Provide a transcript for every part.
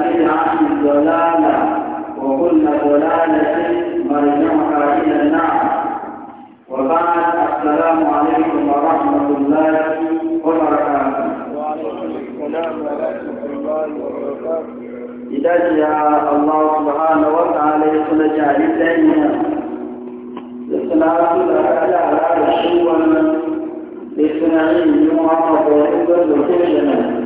منها الضلالة وكل ضلالة مرجعها إلى النار وبعد السلام عليكم ورحمة الله وبركاته وعليكم السلام ورحمة الله وبركاته إذا جاء الله سبحانه وتعالى يقول جعل الدنيا الصلاة على على رسول الله لصناعين يوم عرفة وإذن وكل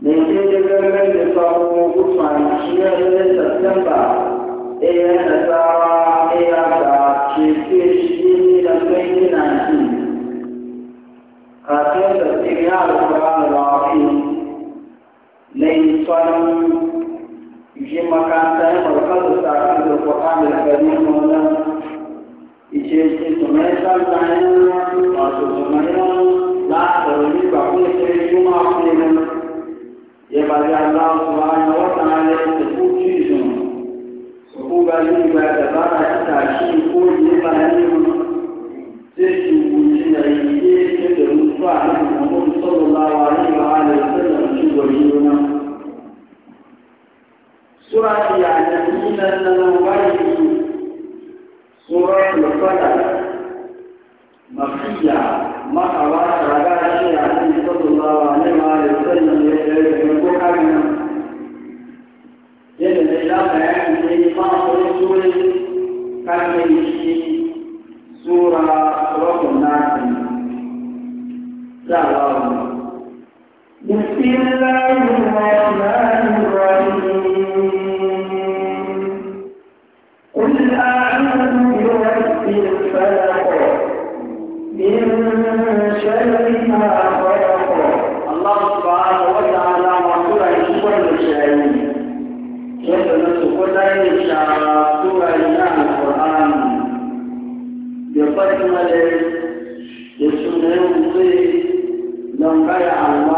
mai daidai gangan da sabo kusa shi ya zai sassamba ɗaya da tsawa ɗaya da cefe shi ne da kai yana ci kafin da tsiriya alƙur'an rafi na yi tsanin yi makanta ya farkar da sakar da ƙwaƙa da gari wannan ice ce tumai sannan masu tumanin na da wani ba kuma sai juma kuma يبعد الله سبحانه وتعالى سكوت شيء سكوت عليه بعد بعد تعشيق كل يبعد تشي وجين عيديه كده مصباح محمد صلى الله عليه وآله وسلم شو وجينا سورة يعني من النبي سورة الفلق mafiya makawa raga shi a cikin sallallahu alaihi wa sallam ya yi ko kamin yadda da ya bayani ne ma wani sure kamin shi sura rukun nasi sallallahu بسم الله الرحمن الرحيم لن شعراتها إلى القرآن بقدم لسنة لم بيع الله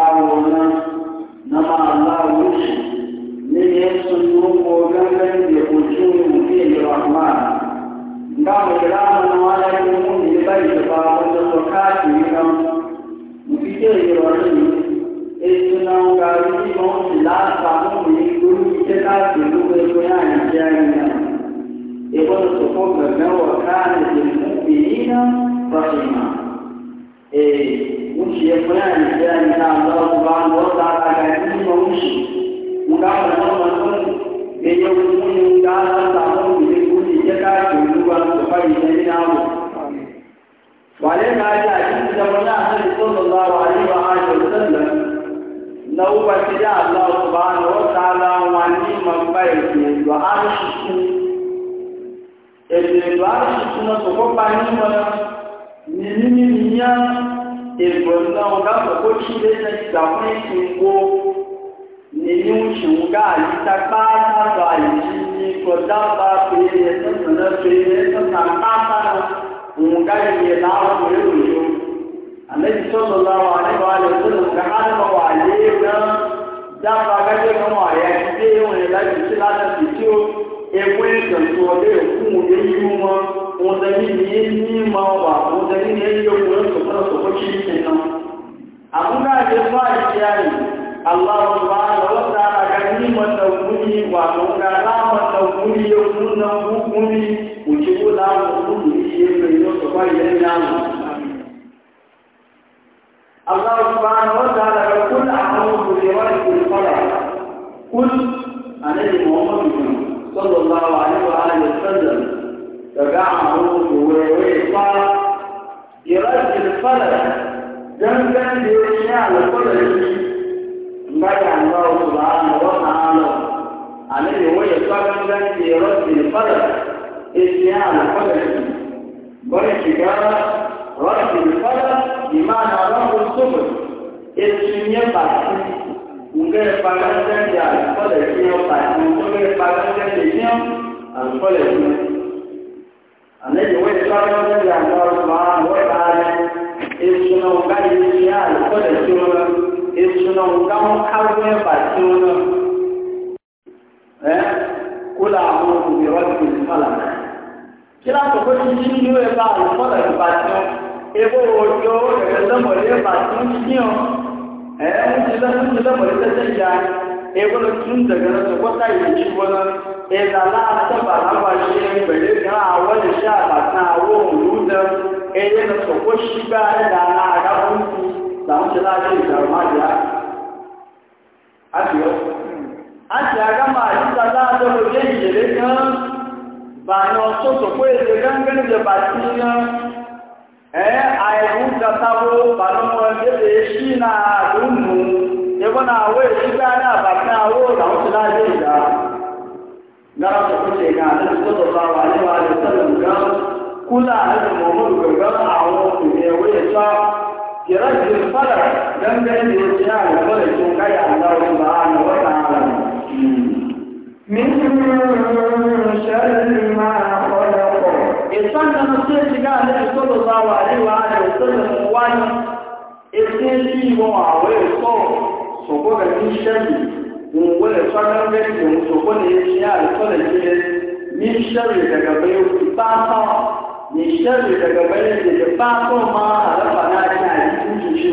alƙalar dangan da ya shi alƙalar shi mbaya Allah subhanahu wa ta'ala alaihi wa sallam dan ke rabbil qadar isya alqadar bari shiga rabbil qadar imana rabbul subh isinya pasti ungar pagan dan ya alqadar dia pasti ungar pagan dan dia alqadar alaihi wa sallam dan Allah subhanahu wa ta'ala esunɔn ka yi ti a lukɔ le ti wo na esunɔn ka mo awɔ ba ti wo na ɛ ko la mo kubi wa ti ti ma la mɛ kila tɔ ko titi yi wo ba lukɔ le ba ti wo ebo wo ti wo le lɛmɔli ba ti wo ti wo ɛ mo ti lɛ mo ti lɛmɔli tɛ ya ebo le tun daga na tɔ ko ta yi ti wo na ɛdala sɛ ba la wa kan awɔ le se a ba kan ẹyẹ na sọ kó ṣí bá ẹ̀dàrà àgbàkúnkú làwọn ṣe láti ìdàrú máa jẹ́ àti ọ́. àti àgámà àdúgbà láàjọ lórí ìyèrè kan bà ní ọ̀ṣọ́ sọ pé èdè gángan lè e sí yan ẹ àìkú kàtàwó bà ní ọmọ ẹgbẹ́ ṣí náà àdúnnù ẹgbọ́n náà wọ́n èṣí bá kula da Muhammadu gangan a wasu ne wani sa kirajin fada dangane da ya ce a gaba da cin kai Allah wa ta'ala wa ta'ala min sharri ma khalaqa isan da mutum ya shiga da sallallahu alaihi wa alihi wasallam wani isin shi wa wa so so ko ga min sharri mun wala sanan da so ko ne ya ce a sallallahu alaihi min sharri daga bayu ta mai sharri daga bayan da da fafo ma a rafa na ta yi shi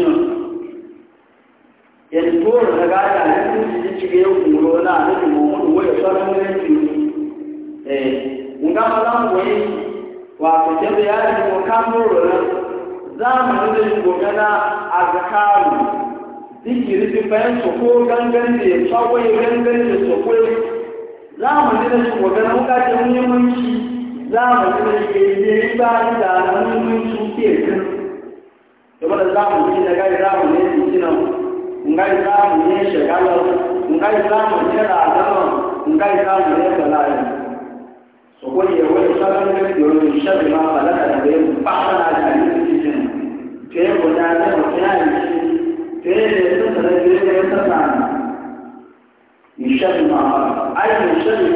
nan na gada ne kuji yau kuro na da ke waya sarar na ki eh mun ga maza mu yi wa na za mu da na a zakaru zikiri bayan gangan da ya gangan da za mu na muka ta muhimmanci zamu ce ke ne ba da mun su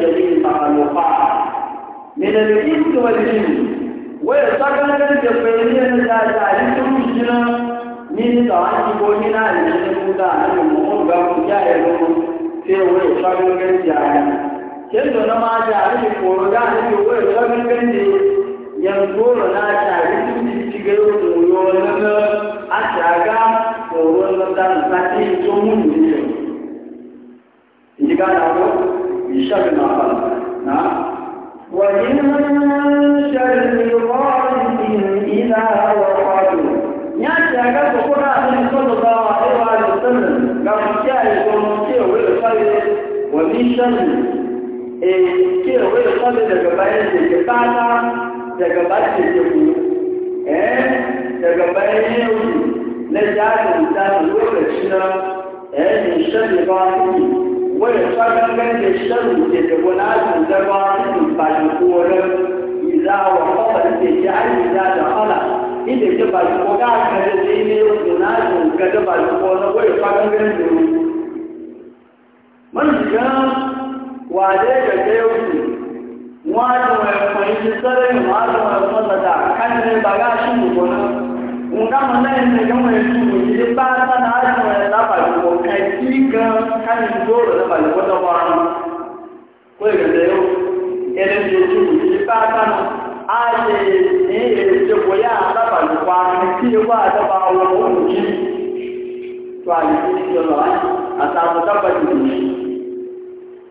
ke من الإنس والجن ويستقبل الجبرين الجاهلين المسلمين من تعاني بوهنا لنمودا نمو غام جاهلون في ويستقبل الجاهلين كيف نما جاهل كورونا في ويستقبل الجاهلين yanzu na shari sun ci cigar tsoro na a shaga tsoro na dan sati sun mun ne in ji gana ko in shaga na fara na ومن شر غاسق إذا وقد نأتي أكاد قرأ من صلى الله عليه وسلم لو جاء يقول ومن شر ke wai kwallo daga bayan teke fata daga bayan teke ku eh daga bayan wọ́n yẹ sọ́dọ̀ ẹgbẹ́ ẹgbẹ́ ṣẹlẹ̀ ọ̀dẹ̀ ẹgbẹ́ wọn náà ti ń dẹ́gbọ́ wọn ti ń bá yẹn kú ọ̀rẹ́ ìlà wọn kọ́ ọ̀rẹ́ ti di àyè ìlà àjà ọ̀là ní ilé ẹgbẹ́ bàjẹ́ wọn náà ti ń bẹ̀rẹ̀ ilé ọ̀dẹ̀ náà ti ń bẹ̀rẹ̀ bàjẹ́ wọn náà wọ́n yẹ sọ́dọ̀ ẹgbẹ́ ẹgbẹ́ wọn. mọ̀nì gán wà á dé ẹgbẹ́ òkú wọn á dùn ẹ̀ fún ẹ̀ ń ungama naye kama yetu ile baba na haya kwa baba yuko katika kani ndoto na baba kwa bwana kwa hiyo leo ele yetu ile baba na aje ni ile kwa ya baba kwa kile kwa baba wao mji twali ndio la atakutaka kujui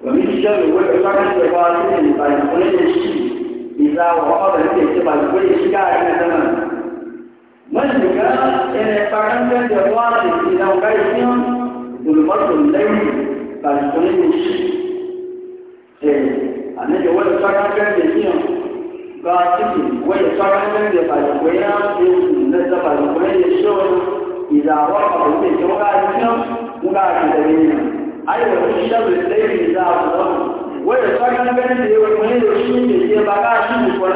wamishia wewe kama ni kwa ajili ya kuonyesha ni zao hapo ndio kwa ajili ya kuonyesha Menjaga menetapkan jadwal dilakukan dengan dulmatul lain bagi penulis. Eh, anda jawab sahaja dengan kafir, wajah sahaja dengan bagi wajah dengan nazar bagi wajah syur. Jika awak berhenti jawab dengan muka kita ini, ayat syur lain jawab. Wajah sahaja dengan wajah syur dia bagi syur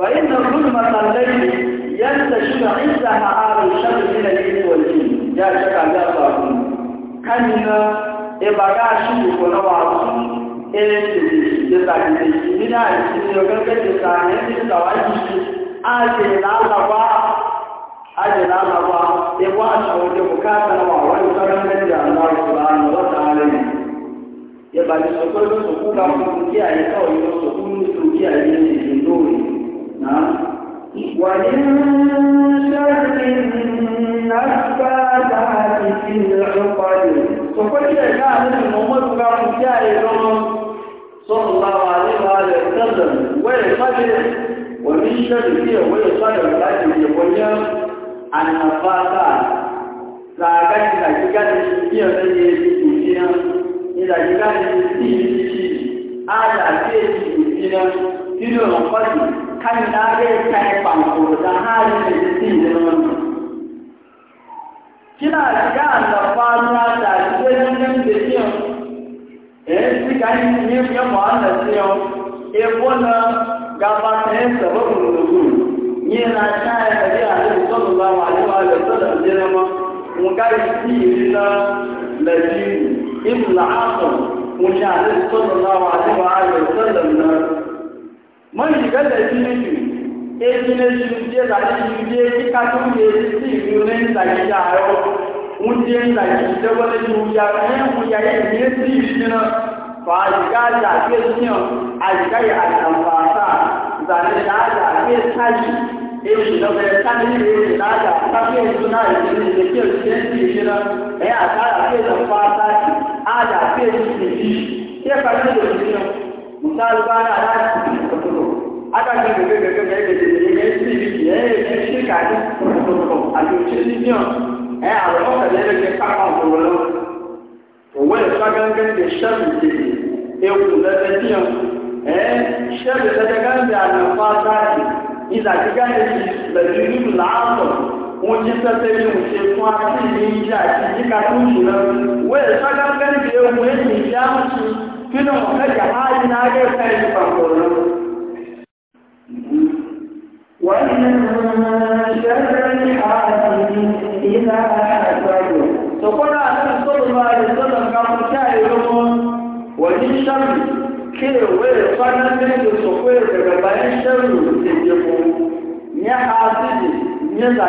فإن الظلمة التي ينتشر عندها أهل الشر من الإنس والجن يا شك يا صاحبي كان إبقى شيء ونوع Yẹ̀bàdìsọ̀kọ́ ló sọ̀kú bá fún kí àyíká òyìnbó sọ̀kú ní ìlú kí àyíká ìṣèlú lórí. وإن شر النفاثات في العقد فقلت كان المؤمن كان جاهل صلى الله عليه وآله وسلم ويصلي ومن شر فيه ويصلي الحاج يقول النفاثات ساعات إذا كان فيه من يجي إذا كان فيه هذا فيه يجي nínú ọ̀nà pàdé kan da kai banko da halin da yake cikin kina shiga annabba ta da cikin nan da yin eh shi kan ne ya mu annabi yau e bona gaba ta yin sabon da gudu ni na ya da ya Allah sallallahu alaihi wa ga shi na sha wa man shiga da shi ne shi e shi ne shi je da shi je ki ka tun je shi shi ne da ki da ayo un je da ki da wala ju ya ne mu ya ne ne shi shi a shiga ya an fa sa da ne da da ke sai e shi da ba ta ne ne da da ta ke su a ta a da ke shi fazer ke ka que ba na da kutubu aka ti gbogbo gbogbo gbogbo que gbogbo ti bi ti que ẹ ṣe ka ni kutubu àti òṣè ti yàn que àwọn ọkọ lẹbẹ ti pápá òwò lọ òwò ẹ̀fọ́ gángan ti ṣẹ́ẹ̀lì ti ewu lẹbẹ ti yàn ẹ ṣẹ́ẹ̀lì lẹbẹ gángan àlùfáà sáàtì ìdàgbẹ́gá ti bẹ̀rẹ̀ nínú làásọ̀ wọ́n ti tẹ́tẹ́ ní òṣè fún àti ìdíjà àti ìdíkà tó ń ṣùgbọ́n wọ́n ẹ̀fọ́ gángan ti ewu que ìyá kínú mọ̀lẹ́jà ha náà yẹ́ fẹ́ẹ̀lú pàpọ̀lọ́. Wọ́n ní ṣẹ́rẹ́ ní ìlà àgbàjọ. Sọ̀kọ́lá àti sọ́lọ́lá rẹ̀ sọ́lọ́ kí ààrẹ ní Ní náà.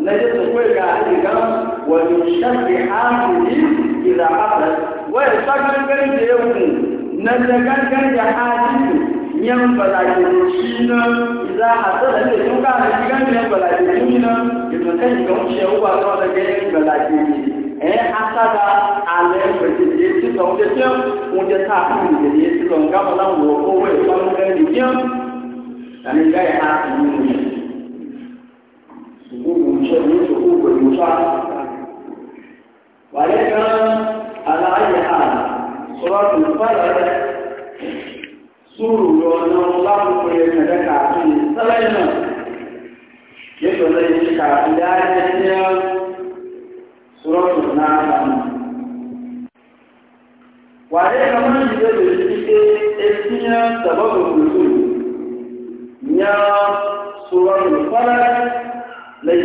نجد كل كائن ويشفي حاله إذا حصل ويشفي كل يوم نجد كل حاله ينفذ الجنة إذا حصل الجنة كان ينفذ الجنة إذا كان يكون شيء هو أصلا ينفذ الجنة ɛn asada alɛ pɛtɛtɛ sisan o tɛ tiɲɛ o tɛ taa a kun tɛ tiɲɛ sisan o ka fɔ la wɔ ko wɛ fɔlɔ kɛ ni tiɲɛ ani ka yɛ a kun ye. حقوق المشاهدين حقوق المشاهد ولكن على أي حال صلاة الفجر سورة وأن الله يتلك عقيد سليما يتلك عقيدات سورة النعم وعليك من يجب أن تكون سبب النزول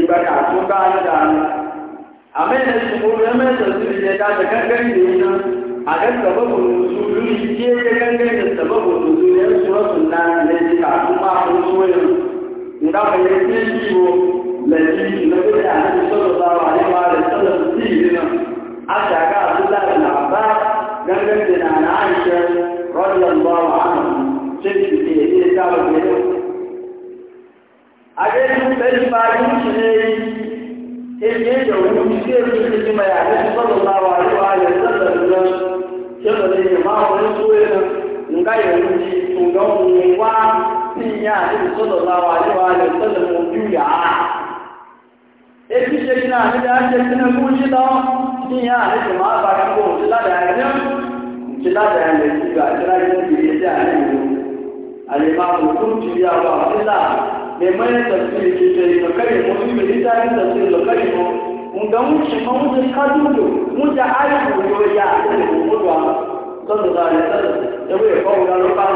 ibada to ka da dani amma da su ko da mai da su da da kankan ne na a ga sababu su duri ce da kankan da sababu su ne su rasu na ne ta kuma ko so Adéjú bẹ́ẹ̀ bá yí ṣe ebi ẹ̀jọ̀ wù mí sí èmi ní ìdí mayà ní sọ́dọ̀ náà ní wà lè sọ́dọ̀ lọ ṣé mo lè yẹ máa wọlé tó yẹ lọ nga yẹ wù mí ǹgá wù wá sí ìyá àti sọ́dọ̀ náà wà ní wà lè sọ́dọ̀ mọ̀ ojú yà á. Ebi ṣe kí náà níbi àṣẹ kí náà kú sí lọ sí ìyá àti ìmọ̀ àbára kó ti ládàá ẹ̀jẹ̀ ti ládàá ẹ̀jẹ̀ ti gbà ti ládàá ẹ̀jẹ̀ ti mai mai tafsiri ke da yi bakare mu yi mai tsarin tafsiri da kare mu mun ga mun shi mun da kadudo mun da ayi mu yo ya da mu mutwa sallallahu alaihi wasallam da bai fa wala lo fa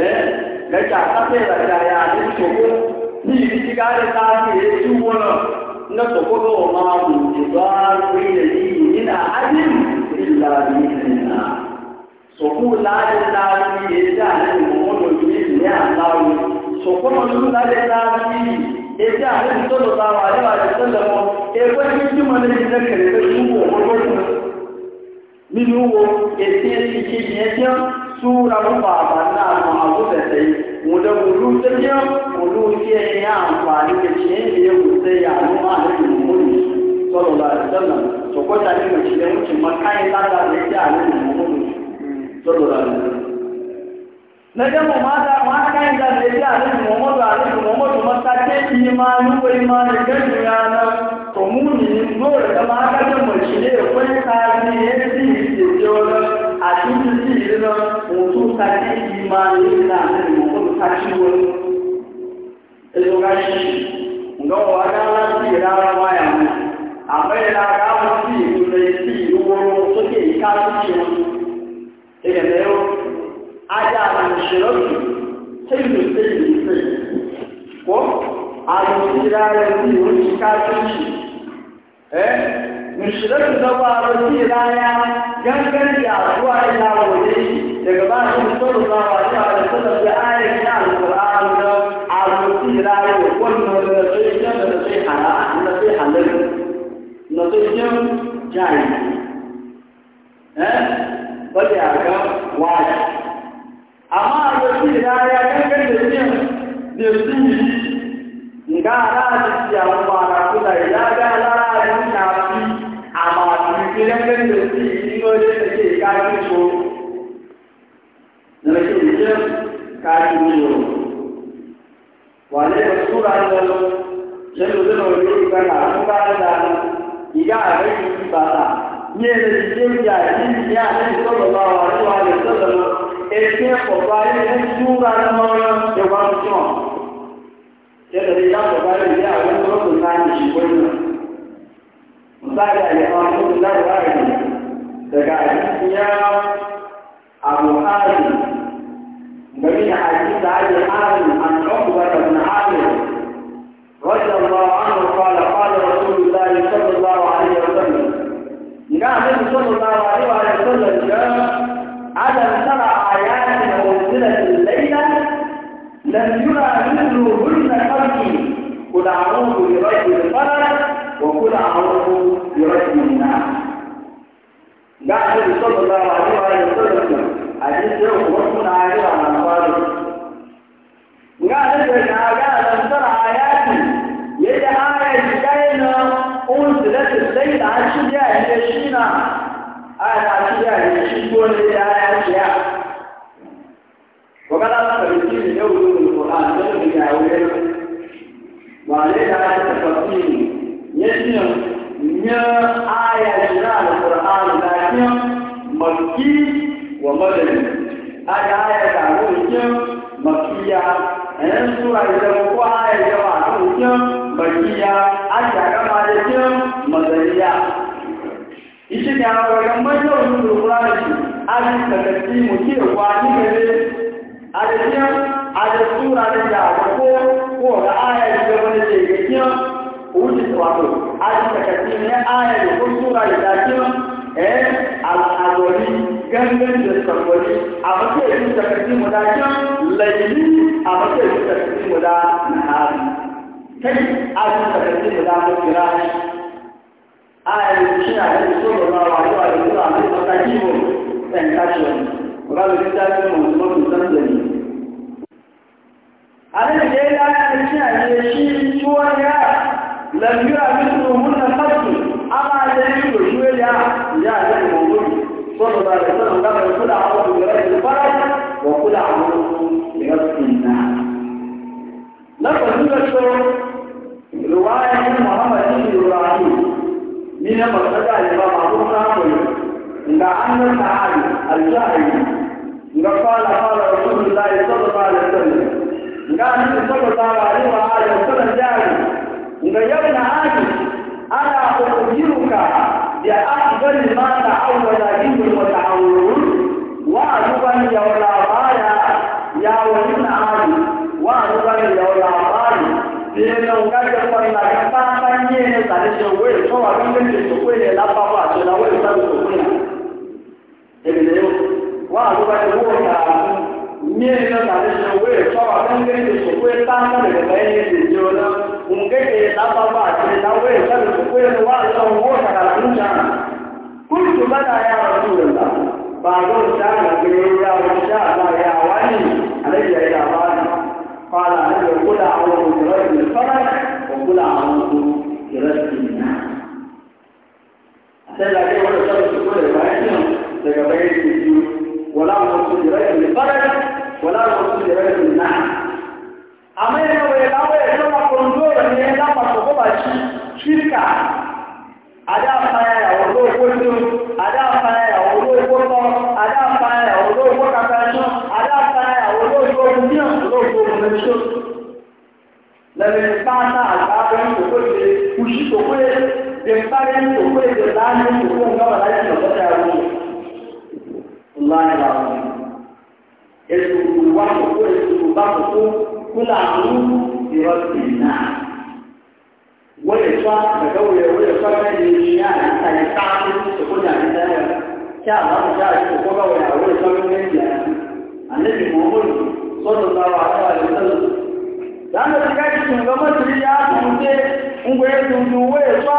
eh da ta kafe da da ya da to ko ni bi ga da ta ke su wala na to ko do ma mu ji ba ku da yi ina ajin illa bi ina so ku la da ta ni da ni mu mun yi ne Allah sòkúnmọ̀ ní lálẹ́ láàájí ètí àti ìtọ́lọ̀ táwà àríwá ìtọ́lọ̀ wọn ẹgbẹ́ ní tí mo lè ní lẹ́kẹ̀rẹ̀ pé túbọ̀ nínú wo ètí ìṣe ìyẹn tí súra púpà àbàdà àwọn na jambo mata da ya alaihi muhammadu alaihi muhammadu mata ce imani ko imani gani yana to muminin dole da mata da mace ne kwai kaji ya ci ke jiwa a cikin ci ina mutu na alaihi muhammadu ta ci wani ezo ga shi nga wa ga la ci ra ra ma ya mu abai la ga mu ci ne ci woro so ke ka ci ajaran shirki hillu silli silli ko a yi ranar biyu wuce kafinci eh mushirki na ba a wuce raya gangan da zuwa ila waje daga ba shi musamman ba wa zuwa da sallar da ayar da alƙur'an da a wuce raya wannan da sai jan da sai halal na sai halal na sai jan jayi eh ba da ga wajibi amma a yanzu da ya kankan da yin da su ga ala da ya mara kula ya ga ala da na fi ẹgbẹ́ ọ̀pá ilé túnra lọ́wọ́ ẹwà ọjọ́ yẹ́nà ìyá ọ̀pá ilé àwọn ọdún náà ní ìṣùgbọ́n náà nígbàdà ìyá ọdún náà láàyè daga ìyá àbò áàrùn gbẹ̀mí àti sáàyè áàrùn àti ọkùnrin àti áàrùn رضي الله عنه قال قال رسول الله صلى الله عليه وسلم إذا النبي صلى الله عدم سبع آيات المنزلة الليلة لم يرى مثلهن قلبي قل أعوذ برب الفلق وقل أعوذ برب الناس قال النبي صلى الله عليه وسلم حديث يوم وصل عليه عن أنصاره قال ابن قال لم ترى آياتي يدعى آية جاينا أنزلت الليل عن شجاع الشينا aya ta kiya ne shi ko ya da aya kiya wa kana ta fahimci da Qur'an da da ya wuri wa ne da ta tafsiri yace nya aya jira da Qur'an da kiya makki wa madani aya aya da wuce makkiya ɗan sura da ko aya ya wa wuce makkiya aya ga ma da kiya madaniya ishe ne a wajen manyan rukun rashi an kakasi mu ke wani gare a da kiyar a da tsura da yawa ko ko da aya da gaba da ke ga kiyar wuce wato an kakasi ne aya da ko tsura da kiyar eh al'adori gangan da sabbali a mace yin kakasi mu da kiyar laili a mace yin kakasi mu da nahari kai an kakasi mu da aya chini ya kisomo na wale walikuwa wamepata hivyo sensation wale vitabu mwanzo mtanzania anayeenda aya chini ya chini chuo ya lam yu'minu hunna fadl ama yaliyo shule ya ya ya mwanzo صلى الله عليه وسلم قال كل عمل بغير الفرج وكل عمل من المسألة إلى معروف عمله إن أن الأعالي الجاهلي إن قال قال رسول الله صلى الله عليه وسلم إن كان صلى الله عليه وآله وسلم جاهلي إن يا ابن آدم أنا أخبرك بأفضل ما تعود لكن المتعاون وأجبني ولا أطاع Yenon kage kwa ina kata nye tanisho we so wa kenge tukwe la papa tuna we sabu tukwe. Ebi leo wa ndo ba tuko ta nye na tanisho we so wa kenge tukwe tanga de ba ye de jona unge ke la papa tuna we sabu tukwe wa so wo ta kala kunja. قال النبي قل أعوذ برب الفلق وقل أعوذ برب الناس أتلا كيف يشرب سكون الفاعلين لقبيل السجود ولا أعوذ برب الفلق ولا أعوذ برب الناس أما إنه يلاوي يسمى كنتور من يلاوي فقوبة شركة أدافع يا ولو قلت أدافع يا ولو dia lọ́wọ́ àwọn ìrọ̀sì náà wọ́n lè fa sallallahu alaihi wasallam dan da kaga cikin ga masiri ya tunde ngwe tundu we fa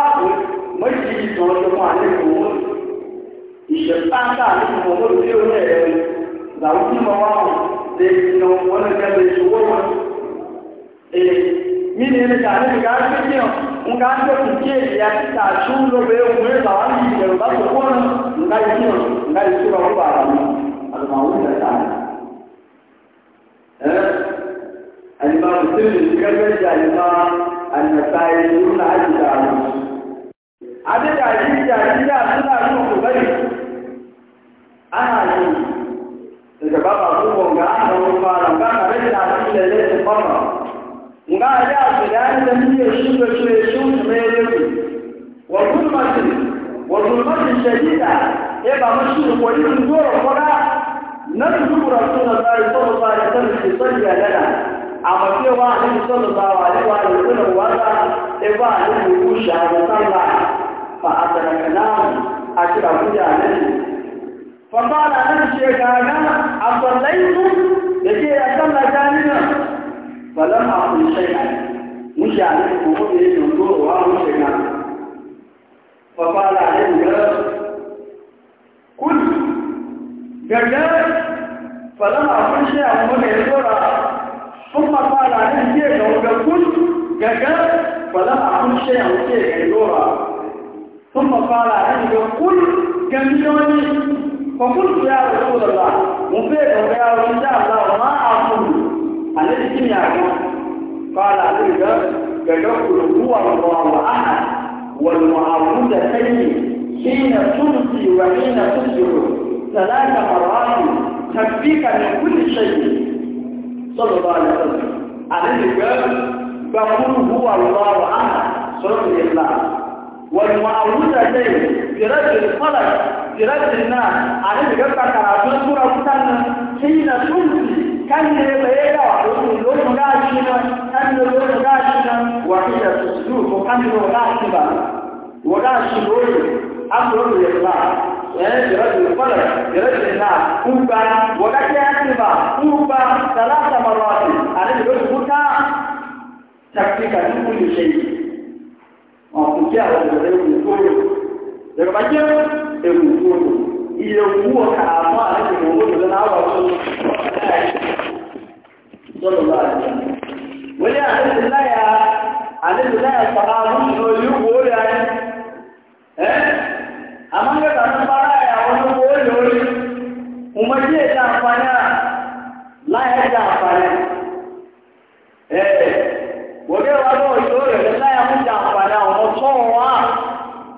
masiri to to ma ne ko ishe tanda ne ko mo yo ne da wuti ma wa de no wala ka de shuwa eh mini ne ka ne ga cikin nga ndo kike ya ta shulo be ngwe ba wa ni de ba ko ko nga yi الإمام السلمي كمل الإمام النسائي يقول عدد عروس عدد عدد daga baba abubuwan ga aka wani fara ga ya ce fara ga a yi abu da yanzu da muke shuka shuka shuka mai yanzu wa zulmatin wa zulmatin shadida ya e ba نجد رسول الله صلى الله عليه وسلم يصلي لنا àmọ́ tí ó wá nínú sọ́nà bá wà nípa ìpínlẹ̀ wáta ẹgbà nínú ikú ṣàrò sáńlá fa àtàràkà náà àti àbújá àlẹ́sì fọ́nbára náà ṣe gàgá àtọ̀lẹ́ inú èké àtọ́lájá nínú na àwọn ìṣẹ́ ìṣẹ́ àlẹ́sì kò mú ثم قال عنده قل كملوني فقلت يا رسول الله مفيدا يا رسول الله ما أقول أنا الدنيا قال عنده يدخل هو الله أحد والمعوذتين حين تمسي وحين تصبح ثلاث مرات تكفيك من كل شيء صلى الله عليه وسلم عليه قال فقل هو الله أحد سورة الإخلاص والمعروضة برد الفلك برد الناس عليه جبتا كراتون سورة سنة حين تنسي كان يبقى لون غاشنا كان لون غاشنا وحين تسلوك كان لون غاشبا وغاشب أمر الإخلاص برد الفلك برد الناس كوبا وغاشي أكبا كوبا ثلاث مرات عليه جبتا تكتيكا كل شيء ọ̀kùnkí àtẹ̀lẹ̀ ewùkúrò lẹ́gbàjẹ́ ewùkúrò iye wú ọ̀kà àmọ́ àrẹ́kùnrin owó ìlú láwọ̀ wọ́n tó gobewa nawa dole da na ya mun da amfana wa tsowa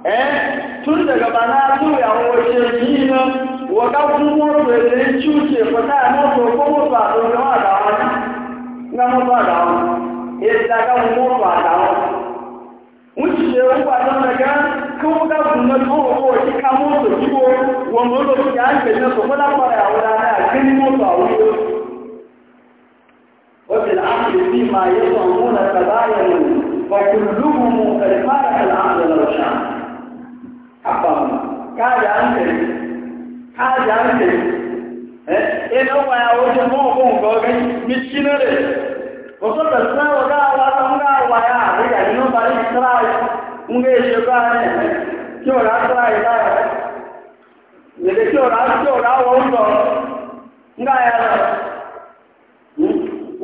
eh tun daga bana su ya wace yi na wa ka kuma da ne cuce fa ta na to ko mu ba to da wa da wa na mu ba da wa eh da ka mu ba da wa mun ci da ku ba nan daga ko ka kuma to ko ki ka mu to ki ko wa mu lo ki an ke na so ko da fara wa da na kin mu ba wa فيما يصنعون تباينوا وكلهم قد مالك العمل والشام حقهم كاد أنت كاد أنت إن هو يعود موقع قوي مسكين له وصل السنة وقع وقع وقع رجع إنه بارك سراي unge shukane kyo ra srae da ne kyo ra kyo ra wo ndo nga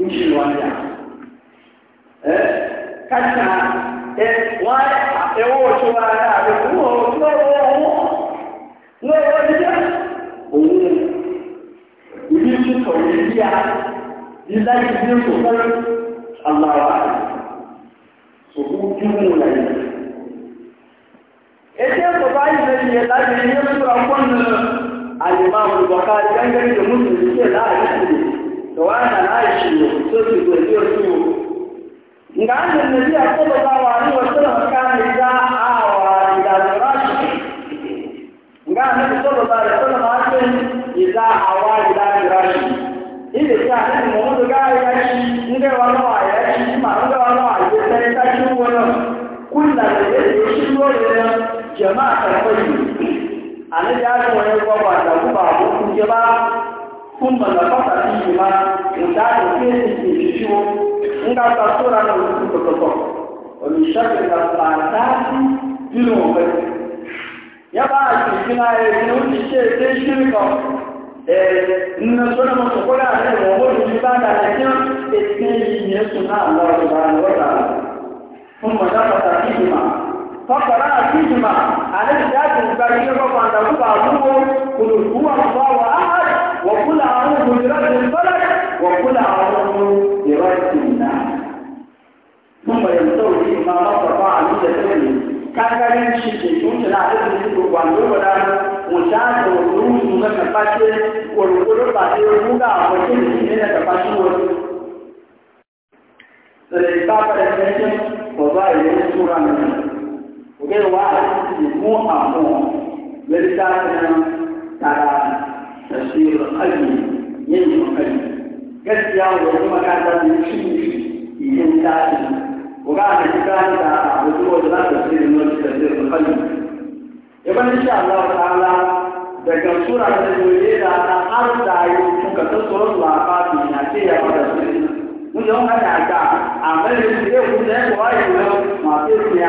nchi uwanja eh kata eh wale ewo chwala abo no no no dia owo ibi ti so dia ila ibi ko ko Allah wa so ku la ni ko ni wana naishi sote kuelewa tu ngani nabii sallallahu alaihi wasallam kama za awa ila rashi ngani sallallahu alaihi wasallam ake ila awa ila rashi ile ya ni mmoja gari yake ndio wanawa yake maana wanawa yake sasa kuna jamaa kwa hiyo kwa sababu kuma na fata fihi ma intaani kesi kiishiwo nga tasura na wutu kotoko wani shakka na fatati dinu ofe ya ba a kisi na ya yi wuti ce ce shiri ko nna sona mo so kola ne mo mo ni ba da na kin eti yi ne suna Allah subhanahu wa ta'ala kuma na fata fihi ma fakara fihi ma أنا ذات البشير فأنت بعضهم قل هو الله أحد وقل أعوذ برب الفلك وقل أعوذ برب الناس ثم ينتهي ما رفع عن جسده kakarin shi ke tunce na adadin su ko kwando wada ko ta ko ruru su ga kafashi ko ruru ba sai ruga ko ke ne na kafashi ko sai ta fara ne ko ba yi sura ne bẹ́ẹ̀ wá ìmú àwọn lẹ́tà náà tara tafsir ayi yin makari gaskiya wani makata ne shi yin tashi وقال في ذلك بطول لا تفسير النور تفسير القلب يبقى ان شاء الله تعالى ذكر سورة الجويلية أرض عيو كتسر الوعفات من أكيد ورسولين من يوم أن أعجع عمل يجب أن يكون ما تسمع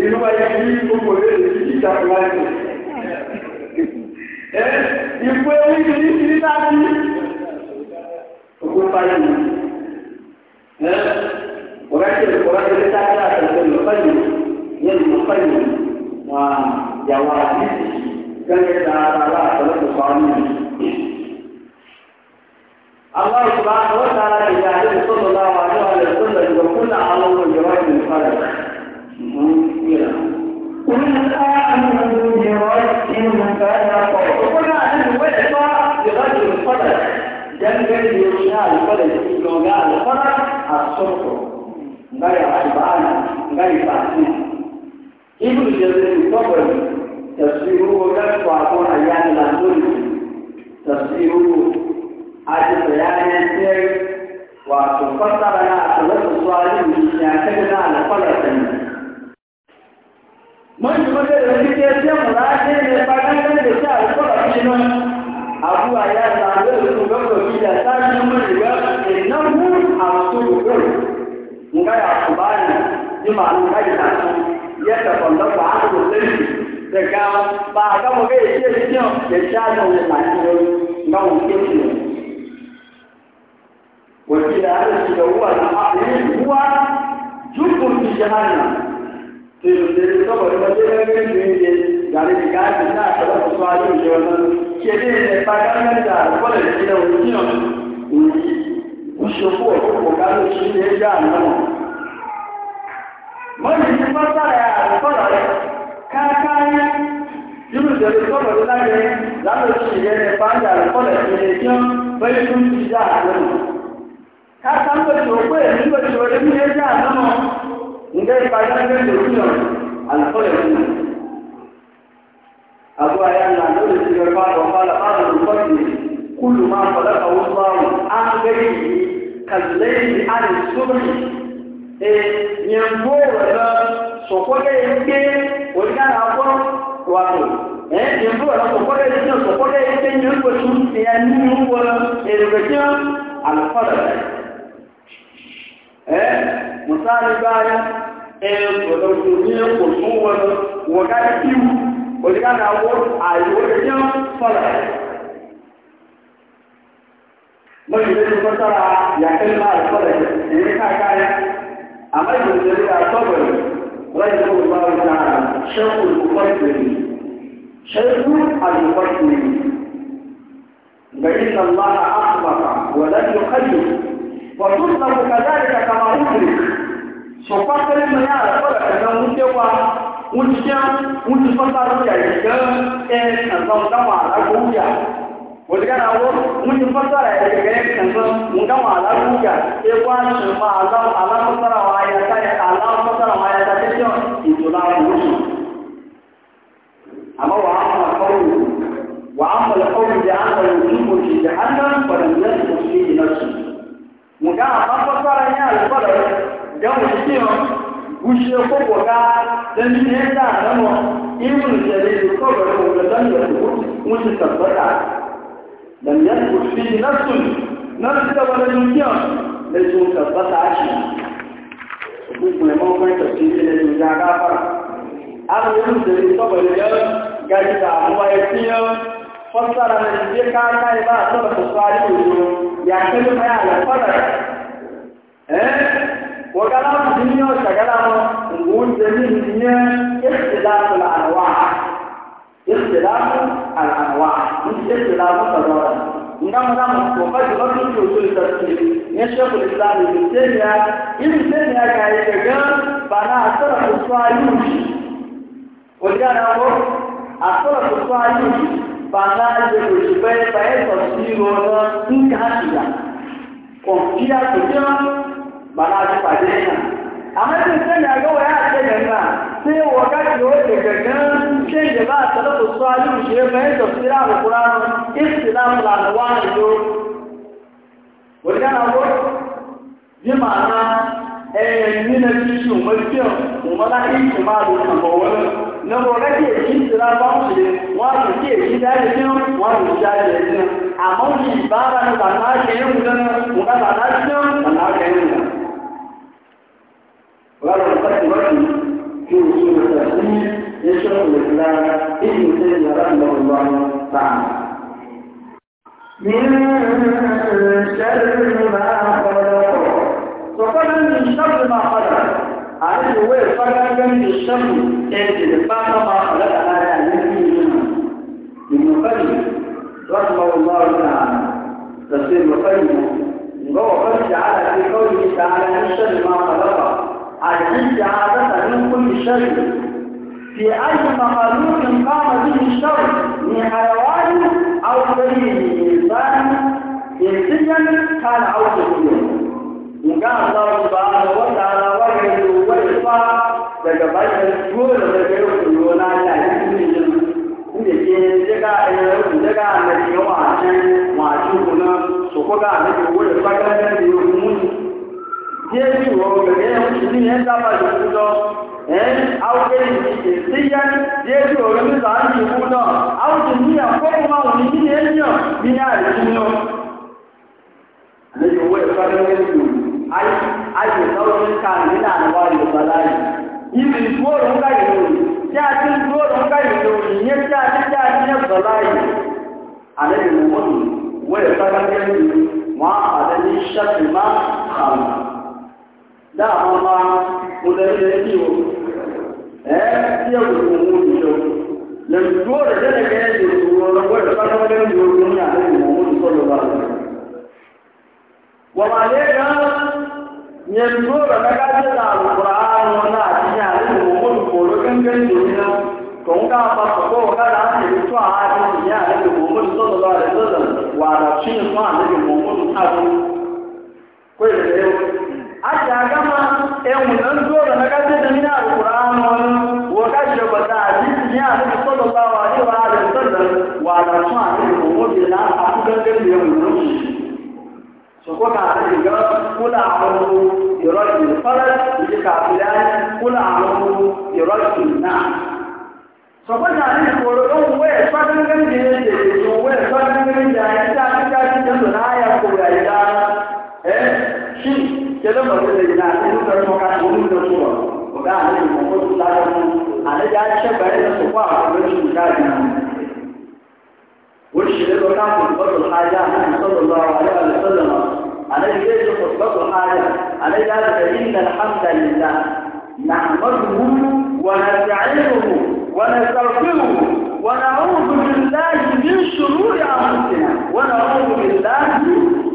inú ayé bí gbogbo rẹ̀ lè fi ìjà tó wáyé lò. ẹ ìpò ẹni ti ní ti ní láti ogún báyìí lò. ẹ ọ̀rẹ́ ti lè kọ́ láti lè dájú àtẹ̀sẹ̀ lọ báyìí lò yẹn lè lọ báyìí lò. wà á yàwó àti gẹ́gẹ́ dáadáa àtẹ̀lẹ́sẹ̀ fáwọn mi. الله سبحانه وتعالى إذا عليه صلى الله عليه وسلم وكل على الله جواب الفرج wato fassara na a tsarar da suwa yin ya kada na alfalar da suke ce mura ne ne ba kan kan da ta ko ba shi nan abu aya ta da su ga ko bi da ta shi mun riga innahu asudul mun ga ya subhana ji ma mun ga ta ya ta banda ba a ko sai daga ba ga mu ga ce shi ne da ta da mu ma shi ne ga mu ke shi ne wakila ala shi da huwa na huwa jukun fi jahannam tèrèdèrè sọ̀rọ̀ ìwọlé ẹgbẹ́ ìlú ìyẹ gàrí ìgá àti ní àtọ́lọ́ tuntun ayé òjò ọ̀nà kéde ilẹ̀ pàgánẹ́ta àkọọ́lẹ̀ ìpínlẹ̀ òjìnà òjì òṣòfò ọ̀pọ̀ kálọ̀ sí ilé Nígbà tí parí ní ẹgbẹ́ òkú náà, àlùfọ́ yẹn kú. Àbúrò ayé àná lórí ti rẹ̀ bá lọ bá lọ bá lọ lọ́kọ́ sí kúlù máa ń fọlá kàwé fún àwọn ángẹ́lì yìí kàlẹ́yìn àlùsọ́rì. Ẹ yẹn bó rẹ̀ lọ sọ̀kọ́lẹ̀ gbé oníkàlà àbọ̀ wà lọ. Ẹ yẹn bó rẹ̀ sọ̀kọ́lẹ̀ gbé sọ̀kọ́lẹ̀ gbé yẹn gbèsè yẹn ní ìwọ èrè misali bayan ɗauki ko sun wani waga da iwu wani gana wani a yi wani jan fara mafi da su fasara ya kai ma a fara da ya ka kaya a mai da su da saboda wani da kuma bawa ta shakul mufassiri shakul al-mufassiri ga inna Allah akhbara wa lam yuqayyid وتطلب كذلك كما أمري سوف تلمنا أقول أنه مجوى ونشان ونشفتر يجب أن نظام على wọ́n gánà wọ́ mú ti fọ́sára ẹ̀gẹ̀gẹ̀ kẹsàn mú gánwà alágúgà ẹgbà ṣùgbà aláfọ́sára wọn ayẹta aláfọ́sára wọn ayẹta tẹ́jọ́ ìjọba olóṣù àmọ́ wà á mọ̀ ọ̀rọ̀ wà á mọ̀ ọ̀rọ̀ jẹ́ àwọn olùdókòwò jẹ́ àná pẹ̀lú lẹ́sùn sí ìlọ́sùn muda mafasara ne alfadar don wuce wuce kokoka don yadda nama ibn jalil kogar kogadan da su wuce tabbata dan yan kufi nafsun nafsu da wani dukiya da su tabbata shi kuma mai mawakon tafsiri da su ya gafara an yi wuce kogar yan gaji da abuwa ya fiye fassara na je ka ba a sama tsari ya kalli mai alfada eh wa kala dinyo shagala mo ngun ya dinya ikhtilaf al anwa ikhtilaf al anwa mun ya tawara ngam ngam ko ba ji wasu ke usul tafsir ne islam baada ya kuchukua pesa sio na nikahia kumpia kutia baada ya pajena amesema ngoa yake ndio sio wakati wote gangan change ba sababu swali mshirika hizo sira wa Qur'an ni na cikin mulkin mala'ikin ma da kan bawon na rage yin tsira ba su ne wani ke yi daji ne wani ya daji ne amma shi ba ba na ba ke yin gudan mu ka ba daji ne ba na ke yin gudan wani wani wani ke yi da tsarki من شر ما خلق وفضلا من شر ما خلق عارف هو فضلا من الشر اللي بعد ما خلق على علمه من قبل رحمه الله تعالى تصير مقيمه وهو قد على في قوله تعالى من شر ما خلق على عادة من كل شر في أي مخلوق قام به الشر من حيوان أو كريم من إنسان إنسيا كان أو كريم Nga Allah subhanahu wa ta'ala wannan ruwan fa daga bakin dole da kai ruwa na ta yi ne ne ke daga daga na ke wa ce wa shi kuma so ko ga ne ko da fara da ne mun je ji wa ga ne shi ne ya ba da ku do eh au ke ni ke siyan je ji wa ga ne za ni ku do au ji ni ya ko ma wani ne ne ni ya ni ya ni no ne ko wa fara da ne ai ai saukin kan yana da wani bala'i ibi goron gari ne jajin goron gari ne ne jajin jajin ya bala'i annabi muhammad wai sakamakon ne ma adani shafi ma kama da amma kudan da yake wa eh iya gudu mu ne yau yanzu dole da ne ga yadda goron gari sakamakon ne ne annabi muhammad sallallahu alaihi wasallam وعلينا ينظر لك جدا القرآن ولا أتنى عليه وقل قولك كنتنا كونك أفضل وقال أنت بسوء عادي يا نبي محمد صلى الله عليه وسلم وعلى شيء ما نبي محمد أبو كويس ليه أجي أجمع إيه ينظر لك جدا من القرآن وقال شبتا عزيز يا نبي صلى الله عليه وآله وسلم وعلى شيء ما نبي محمد أبو كنتنا وكما عن الإجابة كل أعمله يرجل الفرج لكافلان كل أعمله يرجل النعم sọ̀pọ̀tà ní ìkòrò ohun wẹ́ ẹ̀fọ́gbẹ́gbẹ́ ní ẹ̀jẹ̀ ìṣòwò wẹ́ ẹ̀fọ́gbẹ́gbẹ́ ní àyíká kíkà kíkà tó láyà kòrò àyíká ẹ̀ ṣí jẹ́lọ́mọ̀ tó lè yìnà àti ìlú pẹ̀lú ọkà tó ní lọ́tọ̀ wọ̀ ọ̀gá àti ìmọ̀ tó tó láyà fún àlejò àṣẹ́gbẹ̀rẹ́ tó ń káàdì oríṣiríṣi lọ́kàn kò gbọ́dọ̀ láyà àti ìtọ́lọ́lọ́ àwọn àlẹ́ عليه ليس خطبته حاجة عليه ذلك إن الحمد لله نحمده ونستعينه ونستغفره ونعوذ بالله من شرور أنفسنا ونعوذ بالله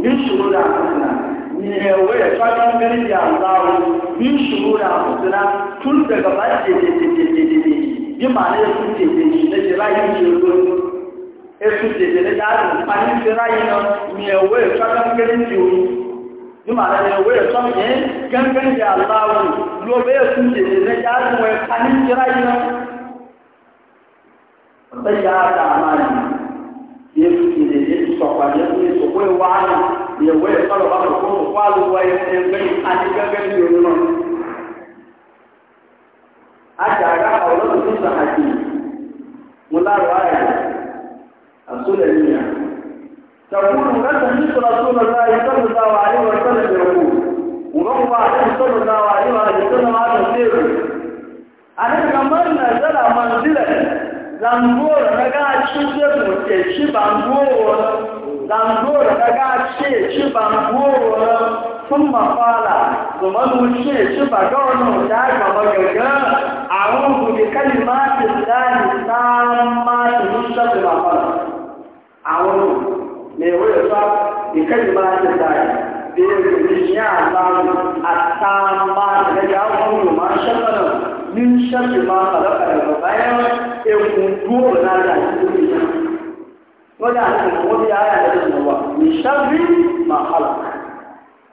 من شرور أنفسنا wai fatan ganin da Allah min shuru da mutuna tun daga bace ce ce ce ce ce bi ma ne su ce ce ce da rayin shi ètò jẹjẹrẹ dáàbò àti ìṣẹ́ra yìí lọ ní ẹ̀wọ́ ẹ̀ṣọ́ gẹ́gẹ́ ní oyin nígbà tí ẹ̀wọ́ ẹ̀ṣọ́ yẹn gẹ́gẹ́ ní aláwọ̀ ló bẹ́ ètò jẹjẹrẹ dáàbò ẹ̀ àti ìṣẹ́ra yìí lọ. ọ̀sẹ̀ yà á dà máa yìí ètò jẹjẹrẹ sọ̀pàdé ní ìṣòwò ìwà àná ẹ̀wọ́ ẹ̀ṣọ́ lọ́wọ́ àkókò fún àlùwà mo lárọ̀ ayà السلمية تقول متى جئت رسول الله صلى الله عليه وسلم يقول وهو عليه صلى الله عليه وسلم هذا السير أنا كمان نزل منزلا زنبور نجا شجر مكشي بانبور زنبور نجا شجر بانبور ثم قال ثم نشي شبا كونه ذاك مجرد أعوذ بكلمات الله التامة من شر ما خلق àwọn mai wuce da kai ba ta dai da ya gudu ya alamu a tsamma da ya kuma ma shafana min shafi ma kalaka daga bayan ekun tuwo na da shi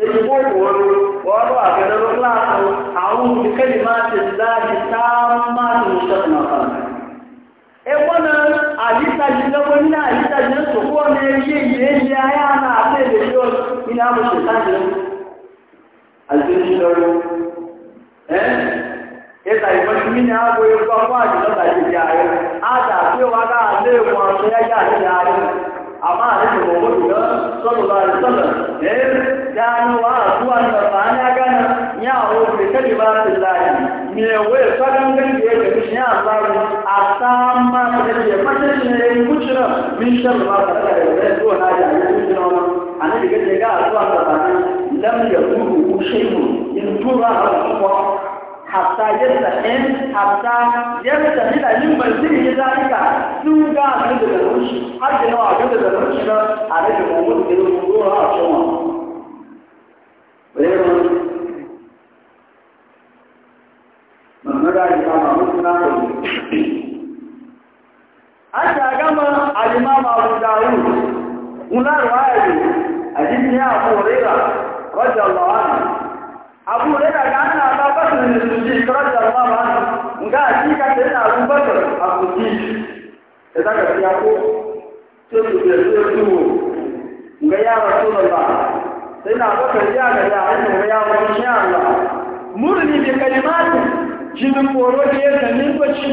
الوجوه وروى قدر الله أعوذ بكلمات الله تامة من شر ما خلق ẹgbọ́nà àyíkájú lọ́wọ́ ní àyíkájú sọ́kú ọmọ ẹgbẹ́ ìyẹ́ ìyẹ́ ayé àmà àti èdè yóò ní àmúṣe sáàjẹ́ àjẹ́jú lọ́rọ̀ ẹ́ ẹ̀ta ìfọ́sí mí ní àgbò ẹgbọ́ fún àjẹ́lọ́ta ìjẹ́ ààrẹ àjà àti ọwádà àlẹ́ ìwọ̀n àti kalimatin lahi me waya sadan gange ya ga shi Allah a sama da ke mace ne kucira min sharri ma ta da ya zo na ya yi kucira annabi gaje ga zuwa da bana lam yakuru shay'un in tura al-qur'an hatta yadda in hatta yadda ila yin basiri ya zalika sun ga abin da zarushi har da nawa abin da zarushi na a rage mamudu da yin tura a cewa. Bayan الإمام مسلم أتى كما الإمام أبو داود هنا رواية أجبني أبو هريرة رضي الله عنه أبو هريرة كان أبا بكر الصديق رضي الله عنه وقال فيك سيدنا أبو بكر الصديق كذلك في أبو تلك يسيرته وقال يا رسول الله سيدنا أبو بكر جاء يا عمي ويا رسول الله مرني بكلمات jini koro da ya kamin bacci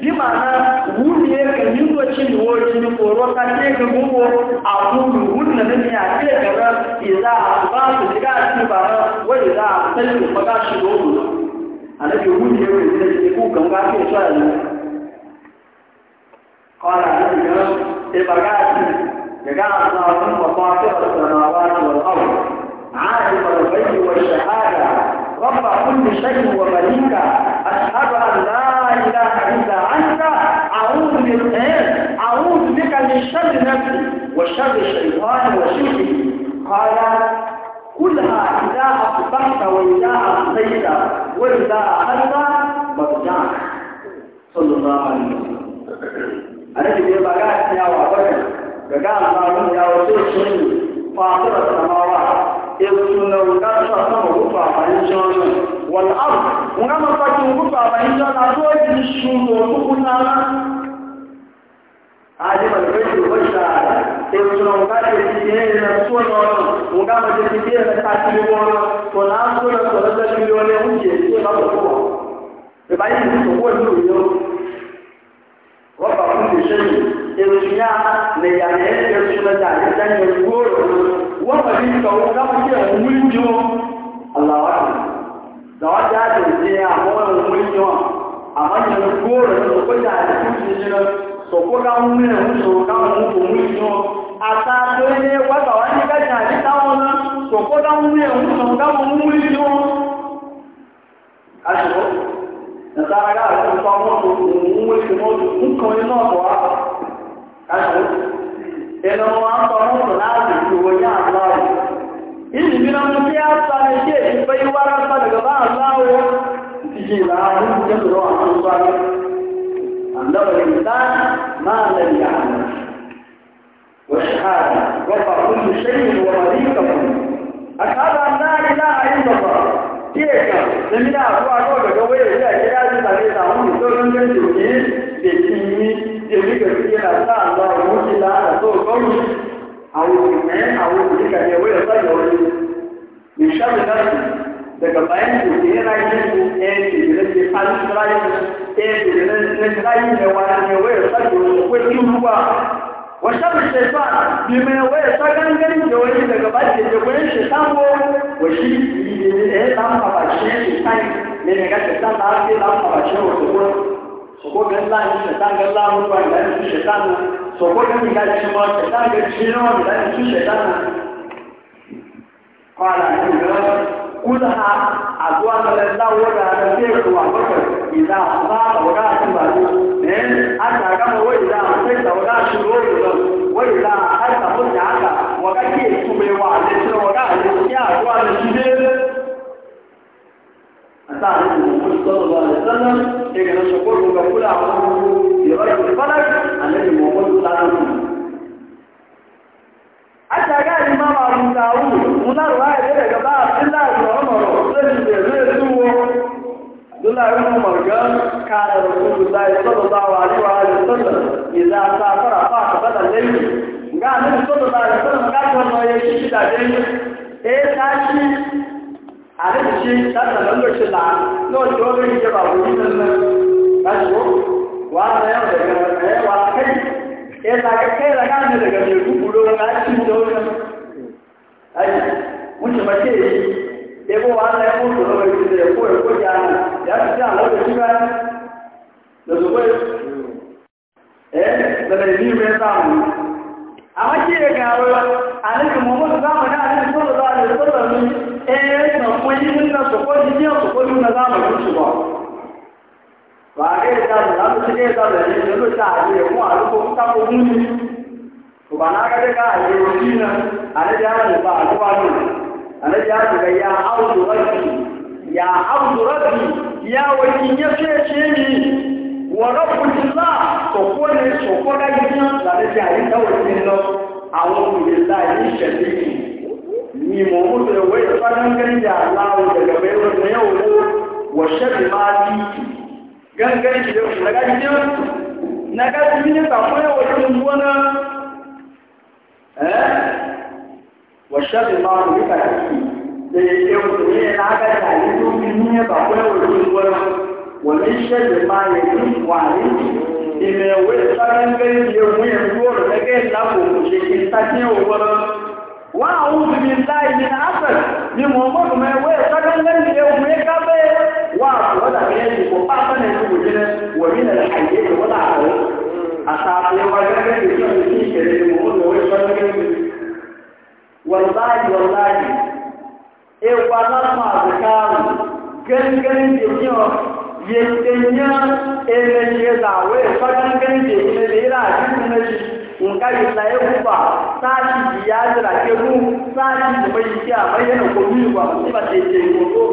bi ma'ana wuri ya kamin bacci ne wo jini koro ka ce ga gungo eh, a kudu wunna na ne a ce gaba iza a ba su diga a ci ba wani za a sai ku faga shi gogo a nake wuri ya kamin bacci ko kan eh, ga ke tsaya ne qala nabi ya e bagati ya ga Allah sun fa fa'a samawati wal ardh عالم الغيب والشهاده رب كل شيء ومليكا أشهد أن لا إله إلا أنت أعوذ بك إيه؟ أعوذ بك من شر نفسي وشر الشيطان وشركه قال كلها إذا أصبحت وإذا أصبحت وإذا أخذت مرجعك صلى الله عليه وسلم أنا في بقاء يا وأبكر بقاء الله يا وسيد شريف فاطر السماوات esuna ukasha kama kufa maishona wal ard unama pati kufa maishona atoi shuno kukunana aje malekezi kufa esuna ukasha tiene na suno ungama tiene na tati uono tona suno tona za milioni unje sio bado kwa bebayi kutokuwa ndio Rabba kulli shay'in ìròyìn nìyàrá ẹ̀ṣẹ̀ ṣúlẹ̀dà ìdájọ́ ìgbóòrò wọ́n wà ní ìkọ̀wọ́ káfíkì ẹ̀wọ̀n mú ìjọ aláwọ̀ lọ́wọ́ jáde ní àwọn ẹ̀wọ̀n mú ìjọ àmọ́ ìjọ ìgbóòrò sọ̀kọ́jà ìdíkùsì ìjọ sọ̀kọ́ká mú ẹ̀wọ̀n sọ̀kọ́ká mú ìjọ àtàtọ́ ilé wábà wá ní kájà àdítáwọn náà sọ̀kọ́ká mú ẹ̀wọ̀n sọ̀kọ́ká mú ìjọ aṣọ́ ìtàrà gáà tó ń pa mọ́tò òun mú ìjọ mọ́tò ń kan iná ọ̀pọ̀ kaso eno ampa mungu nazi kuwonya Allah ili bina mtia sana je bai wara sana gaba Allah tiji la mun je ro Allah anda insan ma la ya'lam wa shahada rafa kullu shay'in wa malikahu akaba an la ilaha illa jeli ka shi yana sa Allah ya wuce da ana so kawai a wuce ne a wuce ka ne wai sai ya wuce in sha da nasu daga bayan su ke yana yin su eh ke da ke an tsayi eh ke da ne tsayi ne wani ne wai sai ya wuce ko kin ruwa wa shabu shaytan bi mai wai sa gangan da wani daga bayan da wani shaytan ko wa shi ne eh dan fa ba shi shaytan ne ne ga shaytan da ake dan fa ba shi ko 我过去让你写蛋壳，让你写蛋呢。我过吃蛋呢。的 dengan syukur juga pula di orang berbalas anda dimohon tanam Ajaga Imam Abu Dawud munar wahai dia kata Abdullah bin Umar sendiri dia tuwo Abdullah bin Umar kan kata Rasulullah sallallahu alaihi wasallam idza safara fa qad al-layl enggak Nabi sallallahu alaihi wasallam kata orang yang tidak ada eh tadi a nan shi tana nan da shi la no jo ne ke ba wuri nan nan ba shi ko wa da yau da ga eh amma shi da garuwa a nufin mummuna a nufin sallar zuwa na kwanyi nuna su ko jiya su ko nuna zamani su ba ba a kai da zaɓi zaɓi su kai zaɓi ne da zuwa a a rufe kuta ko muni ko ba na ga daga a yi wani nan a na jiya mu ba a zuwa ne a na jiya su ga ya audu rabbi ya audu rabbi ya wakil ya ce wọ̀rọ̀kùnrinlá sọ̀kọ́ ní sọ̀kọ́ dájú náà lálẹ́sẹ̀ àyíkáwò sí lọ àwọn òmìnirá yìí ṣẹ̀lẹ̀ yìí ni mò ń sọ̀rọ̀ wọ́n yẹ fárángẹ́rì aláwọ̀ ìdẹ̀gbẹ̀ ìrọ̀lẹ́ owó wọ̀ṣẹ́bì máa ti gángẹ́rì ṣe fúnagájú nágájú mínísà fún ẹ̀wọ̀ tó ń gbọ́ náà wọ̀ṣẹ́bì máa ń rí kàkiri ṣe é ṣe òṣèré nágájú àyíkú ní ẹ̀bà fún ẹ̀wọ̀ tó ń gbọ́ náà wani shaidu ma ya yi wani ime wai tsarin gani ya muye ruwar da kai lafo ke kintakin wurin wa a wuzu min layi min asal ni muhammadu mai wai tsarin gani ya muye kafe wa kuwa da kai yi ko fata ne su guji ne wa min alhaye da wala a wani a safe wa gani da shi ne ke ne muhammadu wai tsarin gani wallahi wallahi e yetenya emecheza we fakangenje imelela kimechi nkaisa ekuba sashi yadira kebu sashi mbayikia bayeno komini kwa kusiba tete ngogo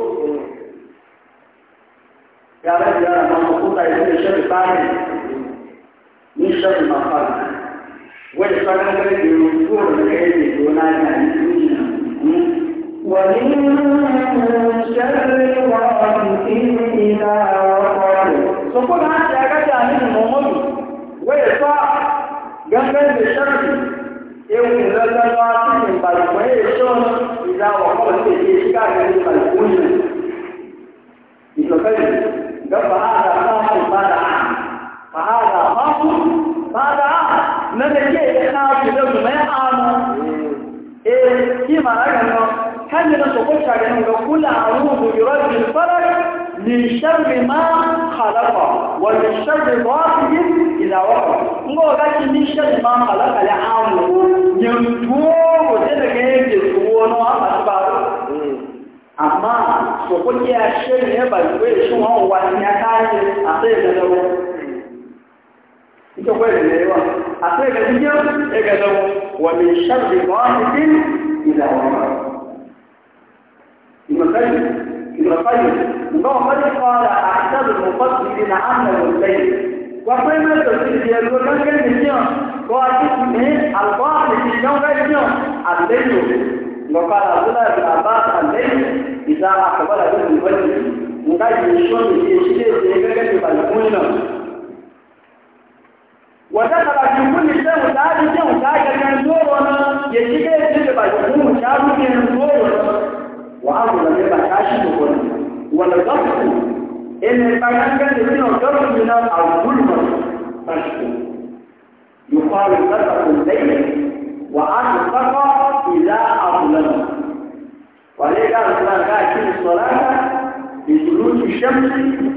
yara yara mambo kuta ile shebi bani ni shebi mafana we fakangenje ngoro ngene ngona nyani ومن شر غاسق إذا وقر سكون هذا كذا من المؤمن ويصاع جنبه بشر يوم ذلك الواقع من بالقوة يشون إذا وقر في إشكال من بالقوة يتكلم جنب هذا خاص بعد عام فهذا خاص بعد عام نتكلم خاص بدون ما يعلم إيه كيف أنا kan yana sokon shaganin ga kula a ruhu yurar bin farar min sharri ma khalaqa wa min sharri ghasiqin idha waqa ngo ga ki min sharri ma khalaqa la amu yantu ko da ga yake tuwo no a ba amma so ko ya sharri ne ba ko ya shi wa ni aka yi a sai ابن قيم ابن قيم انه قد قال احسن المفصل عمل البيت وقيمة التفسير يقول لك المليون هو اسمه اليوم مليون مليون الليل وقال عبد الله بن عباس الليل اذا اقبل به الوجه مدعي الشم يشير بيدك بالكون ودخل في كل شيء وتعالى شيء وتعالى كان دوره وعظم لما تعشد هنا والغفل إن البيان كان من الغفل من الظلمة تشكو يقال غفل الليل وعاد وأشفق إذا أظلم ولذا الإنسان كان الصلاة بسلوك الشمس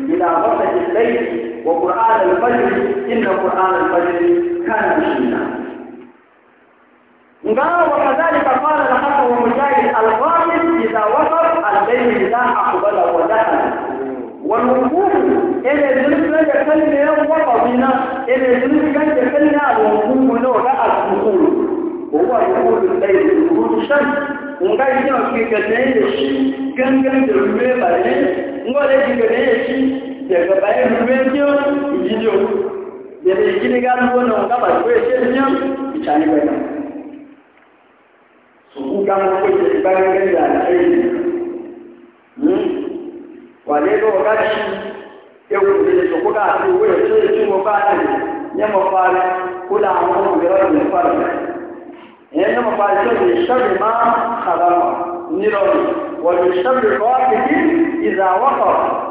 إلى غفلة الليل وقرآن الفجر إن قرآن الفجر كان مشينا قال وكذلك قال الحق ومجاهد الغالب عليه لا أقبل ودهن والوقوف إلى ذلك لا يكلنا وقضينا إلى ذلك لا يكلنا الوقوف له لا الدخول وهو يقول الليل خروج الشمس nga yi yau ke gane da shi gangan da ruwe bayan nga da ke gane da shi daga bayan ruwe biyu ijiyo da da gini gano wannan gaba ruwe ce biyu ita ne bayan su ku gano ko ke bayan gani da alheri wà nínú ọ̀gá tí ewu ìdílé sọ̀kọ́ káàkiri owó ẹ̀ tó ètò ìwọ̀n bá rẹ̀ yẹn mọ̀ parí kó dà àwọn ọmọ ìrọ̀ ìlú parí rẹ̀ ìyẹn yẹn mọ̀ parí tó lè sọ́ọ̀rì máa kàdámọ̀ nírọ̀rùn wọ́n lè sọ́ọ̀rì kọ́ kìkì ìzà wọ́kọ̀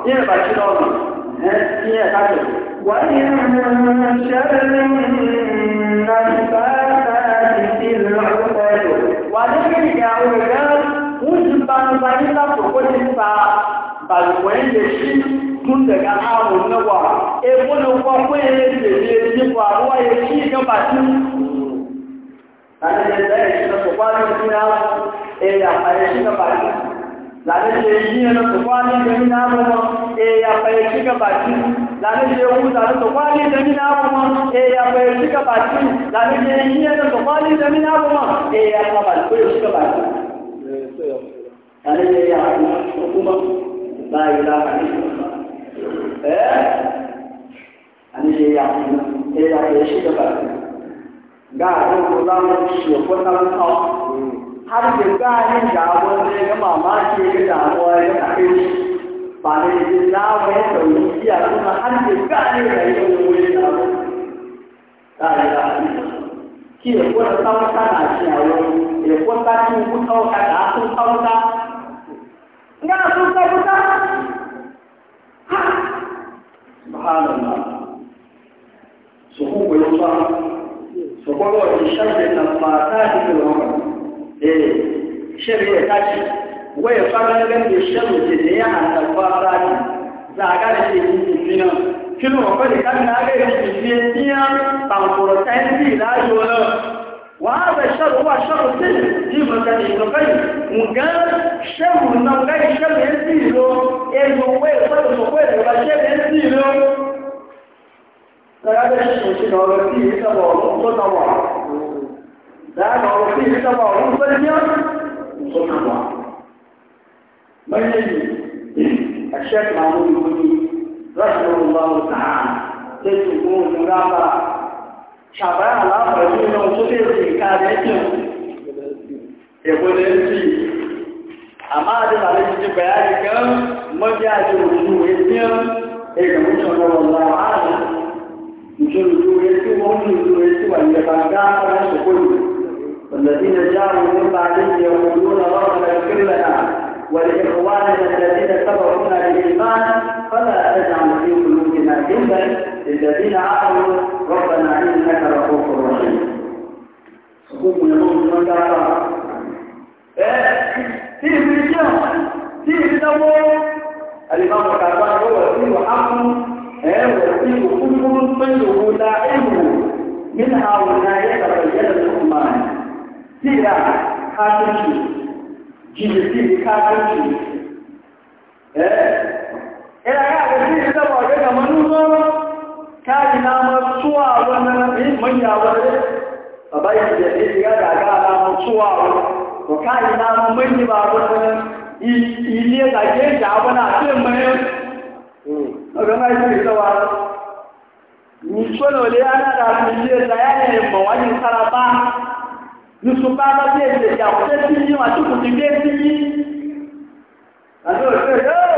ìrìnbàjì lọ́rùn ẹ̀ sí ẹ̀ kájọ. wọ́n ní sẹ́rẹ̀ banubani lákòókò ti fa balùwẹ̀ lè ṣí tún daga ààrùn náwà ebónú pọ́pọ́ ilé tèmi nípa àwọn èyí ìjọba tí lálẹ́ ẹ̀dá ìṣúná tó wá ní ìṣúná ẹ̀yà àyẹ̀ṣí ìjọba tí lálẹ́ ṣe yí ẹ̀nà tó wá ní ìṣúná àmọ́ ẹ̀yà àyẹ̀ṣí ìjọba tí lálẹ́ ṣe wú lálẹ́ tó wá ní ìṣúná àmọ́ ẹ̀yà àyẹ̀ṣí ìjọba tí lálẹ́ yí ẹ̀nà tó wá ní ẹ̀yà àyẹ̀ṣí ìjọba 那些养蜂，那一个还是什么？哎，那些养蜂，哎呀，也辛苦了。你看，我当起活当操，嗯，他就干一下午，那个妈妈接一下午，一个大饼，把那个拿回来做东西啊，那个他就干一下午，一天下午，哎呀，嗯，结果当不下来钱，我结果当天不操，还拿不操上。Enggak susah-susah. Subhanallah. Suhu berusaha. Sekolah di syarikat tanpa tadi keluar. Eh, syarikat tadi. Wai fara gan da shan ke da ya hanta fara ne. Za ga da ke yi fina. Kino ba da kan na ga yi fina وهذا الشر هو شر السجن فيما كان يتقي وكان شر انه لا يشر ينزيله انه هو يصدر صفوه ولا شر ينزيله فهذا الشيء شيء هو فيه تبعهم صنعوا ذاك هو فيه تبعهم صنعوا من يجي الشيخ محمود يقول رحمه الله تعالى تجد يكون مغامره ṣàbá àlàpẹ̀lú tó lọ tó lè rí ká lẹ́yìn èwo lè fi àmá àdìbà lè ti bẹ̀rẹ̀ àdìgán mọ́jẹ́ àti òṣù etí ẹ̀ ọ̀la الذين جاءوا من بعدهم يقولون ربنا اغفر لنا ولإخواننا الذين سبقونا بالإيمان فلا تجعل في قلوبنا للذين عملوا ربنا انك رؤوف رحيم سقوط من الموت من فيه في فيه في الدور الامام الكعبان هو فيه حق وكيل كل طيب دائمه منها ولاية تبين الحكمان سيرة كاتشي جنسي إيه إلى قاعدة سيرة تبين الحكمان kayi namar suwa wani manya wani a bayan da ya shiga da ga namar suwa wani ko kayi ilé ìdáyàlẹ̀ ìmọ̀wá ní bá bí èdè ìyàwó tẹ́sí yíwá tí kò ti gé sí yí àti òṣèré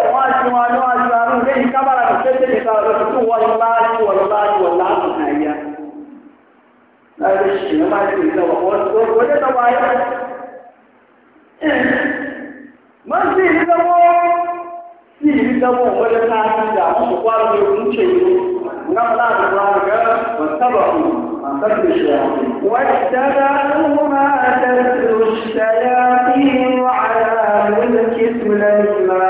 ni wanaoasaru ndeni kabla kusete kwa wallahi wallahi wallahi na iya na hishi na mali za wapo kwa ndio waya manzi ndio si ndio wale kazi ya kwa ndio mche ngamla kwa ga wasabahu واتبعوا ما تتلو الشياطين على ملك سليمان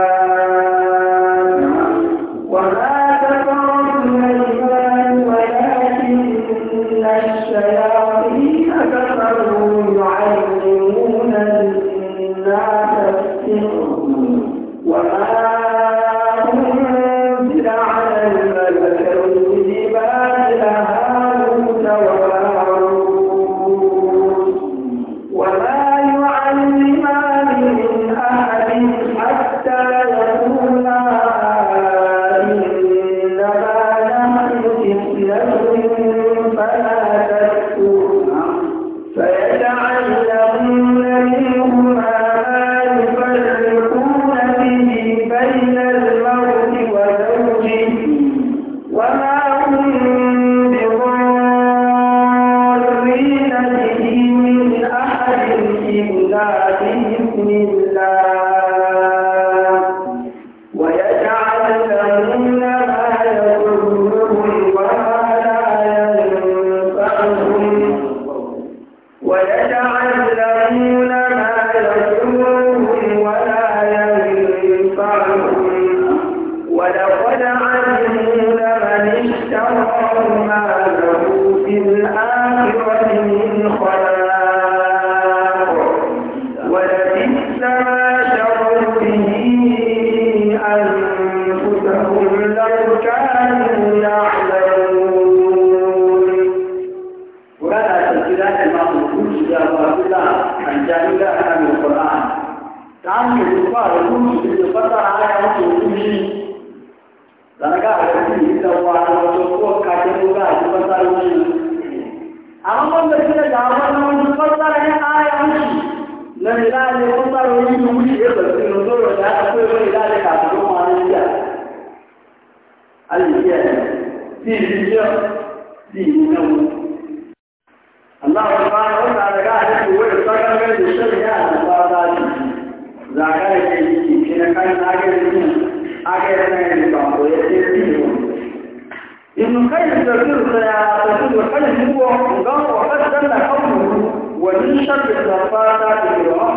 ɓangarori da wuce ya karfi na zuwa da aka kai wani da aka kafin ma na jiya alijiya ne si jiya si na wu Allah ya ba ya wata daga a cikin wani sakangar da shari'a da fara shi zakar da ke yi shi na kan zagayen yin agayen na yin bambo ya ce fi ne ابن خير تذكر تذكر خير هو انظر وقد دل قوله ومن شر الزفاف في الرحمة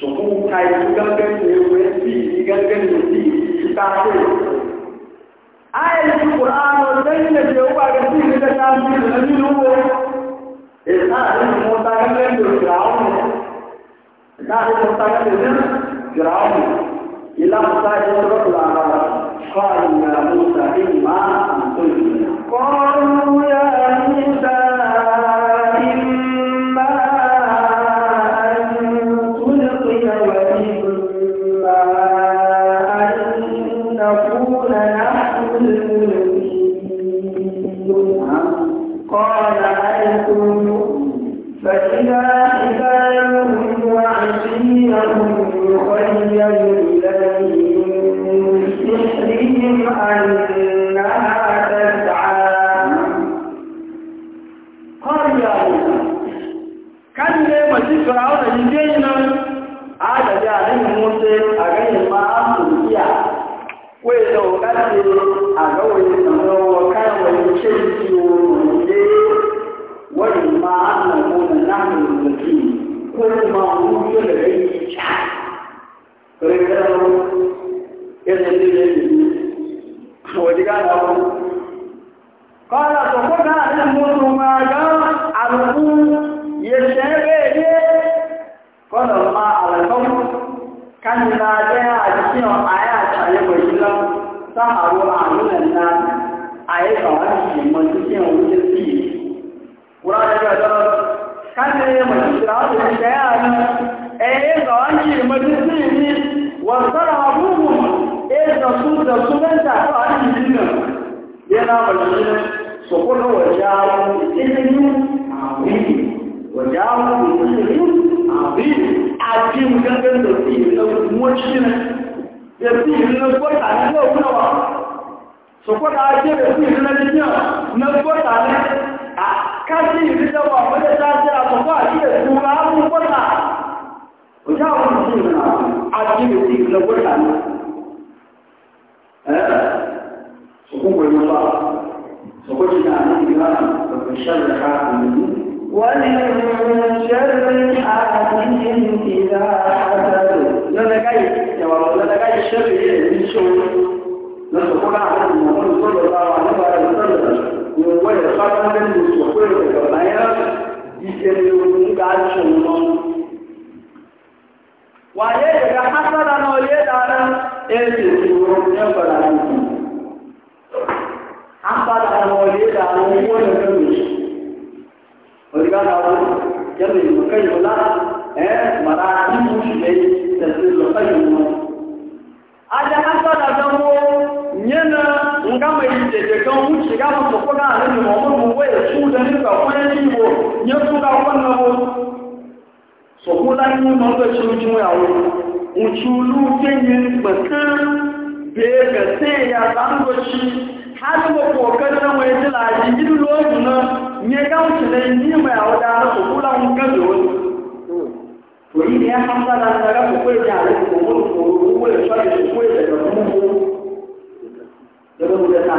sùkúù ka ìlú gángan ní ewu ẹsì ní gángan ní sí ìta ṣe. Ayẹ̀lú Kùránù lẹ́yìn lè ṣe owó àgbẹ̀ sí ìlú gángan ní ìlú nínú wo. Ìta àti ìmọ̀ta gángan lè gíràùnù. Ìta àti ìmọ̀ta gángan lè gíràùnù. Ìlà Mùsá yẹ kọ́ tó lára wa. Kọ́ àyìnbá Mùsá ní ìmá àtúntò ìlú. Kọ́ ló yẹ ẹni dáa.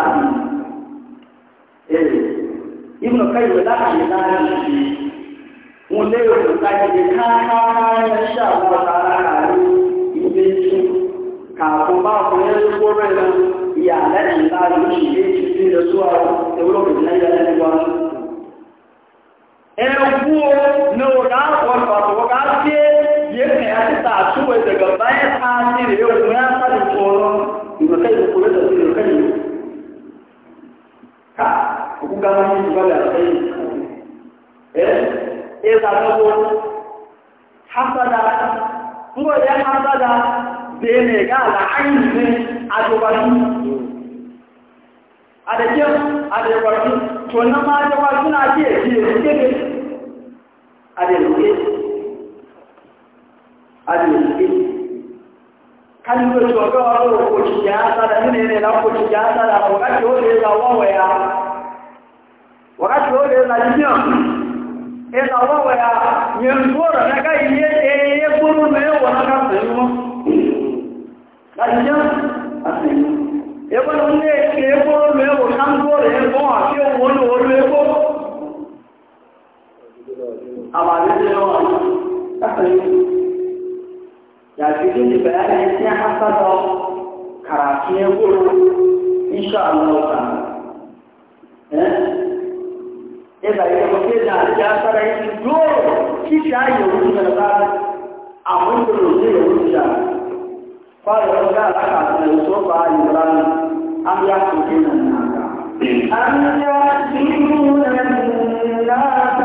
láàbì èrè ìmọ̀ káyọ̀ láàyè láàbì wọn lé òkú káyọ̀ káàkiri ṣe àwọn ọ̀tá láàárín ilé tí kààkùn bá ọkùnrin ló gbóró ẹ̀rọ ìyá lẹ́yìn láàbì oṣù méjì sí ilẹ̀ tó àwọn ewúrọ̀kùn náà yẹ lẹ́yìn wá. ẹ̀rọ fún o ní ọ̀gá ọ̀pọ̀ àtọ̀wọ́gá sí yẹ́kẹ̀ àti tààtúwẹ̀ dẹ̀gẹ̀ báyẹ̀ pàṣẹ rẹ̀ òkú yá sáré fọ́ọ̀rọ̀ ìmọ̀kẹ́ ìdókòwò ká òkú ká máa ń yí ìgbàlẹ̀ àtẹ́yìn ẹ ẹ sàtọ́kọ hasada ńgọ̀ yẹ hasada bèèrè gáàlà áyìn ní adọ́gbàjú adẹ́jẹ́ adẹ́gbàjú tó ná máa na-adị jẹ́ hannu da shugaban ruwa koci ya ya tsara wakati wanda ya zawa waya wakati wanda ya zaji biyan ya zawa waya yin gora na ga iye da cikin bayanin sai haskaka karatu ne gudu insha Allah ta eh eba ya mutu da ya fara yin dole kishi ayo da ba a mun da roƙe ya wuce fara da ga aka da so ba Imran an ya kuke nan naka an ya tilu nan naka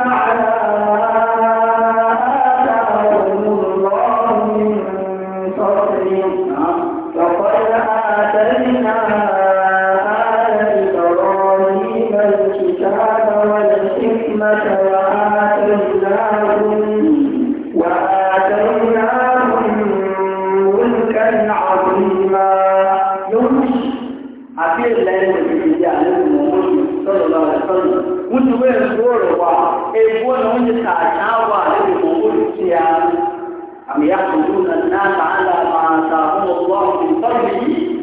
a kuelewa ebona wenye tajawa ile kukutia am yakhuduna an-nasa ala ma atahum Allah min fadlihi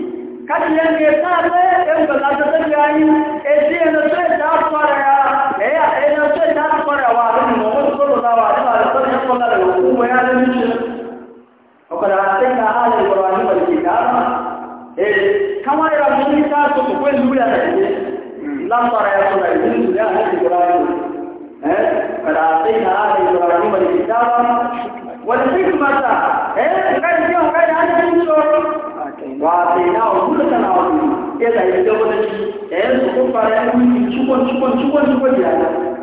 kati yake pale embe lazatani ezi na sasa para ya ena sasa para wa Mungu solo na wa sasa kuna hukumu ya nchi wakala atenga ala Ibrahim al-kitab eh kama ya Musa kwa kweli bila tatizo لما يصل الجند يا أهل إبراهيم قد أعطينا أهل إبراهيم الكتاب والحكمة كان فيهم كان عن الجند وأعطيناه كل عظيما إلا يجب أن تكون فرعون شكرا شكرا شكرا شكرا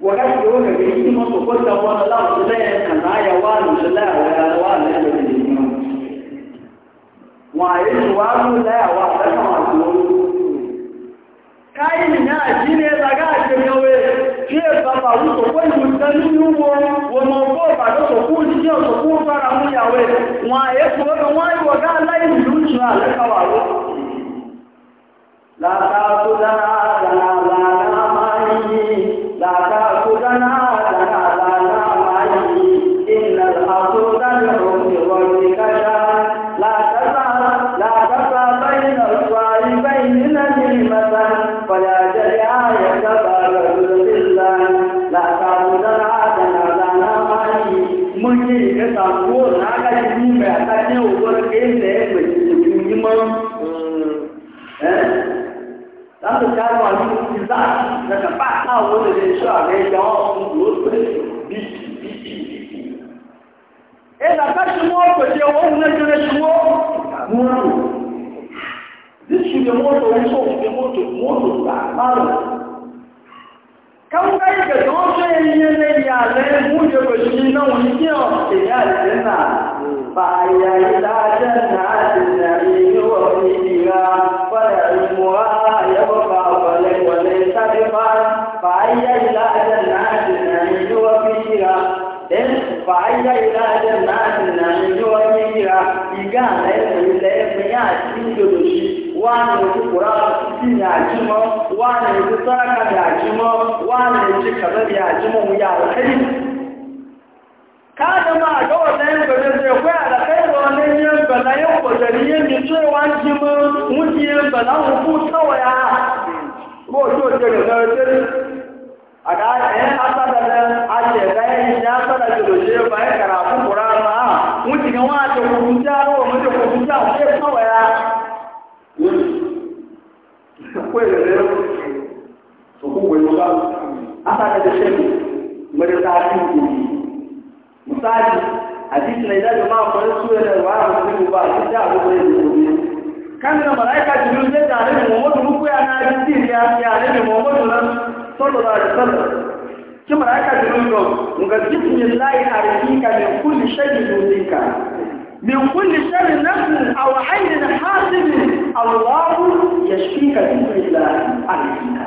wakati wewe unaishi mambo kwa Bwana lao zile kana ya wao zile ya wao zile wa Yesu wao zile wa kama wao kayan na shi ne zaga a cikin yawe shi ya baba wuce kwai mutane nuwo wa mako ba da so fara mu yawe wa ya ko ga wai wa ga attachment to their own generation world. This should be a motto, this should be a motto, motto, motto. Kan kai ga dole ne ne ya le mu je ko shi na wani kiyo ke ya tana ba ya yi da janna da ni wa ni dira fa da mu ya ba ba wale wale ta ba ba ya yi da ba ìlàjẹ̀ náà nà na yíra ìgá na ilẹ̀ ẹ̀fìn yá àti ìdòdòṣì wà ní ojú ọzọ títí ní ọzọ wà ní ọzọ sáraka ní ọzọ wà ní ọzọ kàbẹ́ ní ọzọ òun yà ọzọ káàdì máa pẹ̀lú ẹgbẹ́ ní yóò pọ̀ tẹ̀lé tó wá ń fún a ga yan asada nan a ce rayan ya sada jirage bayan karafin kurama wuce ga wata kukuta wa mace kukuta ce kawaya kawai da zai su kuwa yi ba asada da shi mara zafi ne misali hadisi na idan jama'a kwanar suya da wa a musulmi ba a cikin da abu da ya zuwa kan da malaika jibril zai da annabi muhammadu muku ya na hadisi ya annabi muhammadu nan sallallahu alaihi wasallam ki malaika jibril ko ga bismillahi arifika min kulli shay'in yuzika min kulli sharrin nafsin aw aynin hasibin Allah yashfika bismillahi arifika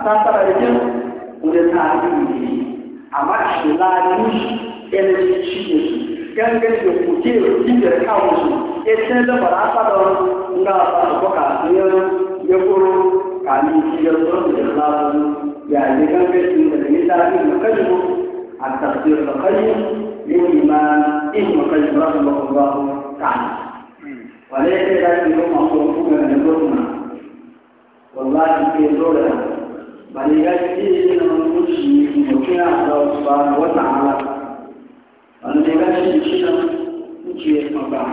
asantara yake ule taadili amashi lani energy shi gangan da kuke jikar kawo su ya ce da barasa da wani nga ba su baka ya koro kami tidak turun dalam ya dengan betul dan kita ini makamu التقدير مقيم للإمام ابن قيم رحمه الله تعالى وليس ذلك هم مصروفون من الرحمة والله في دولة بل يجري من المسلم مكان الله سبحانه وتعالى أن يجري شيئا من شيء مباح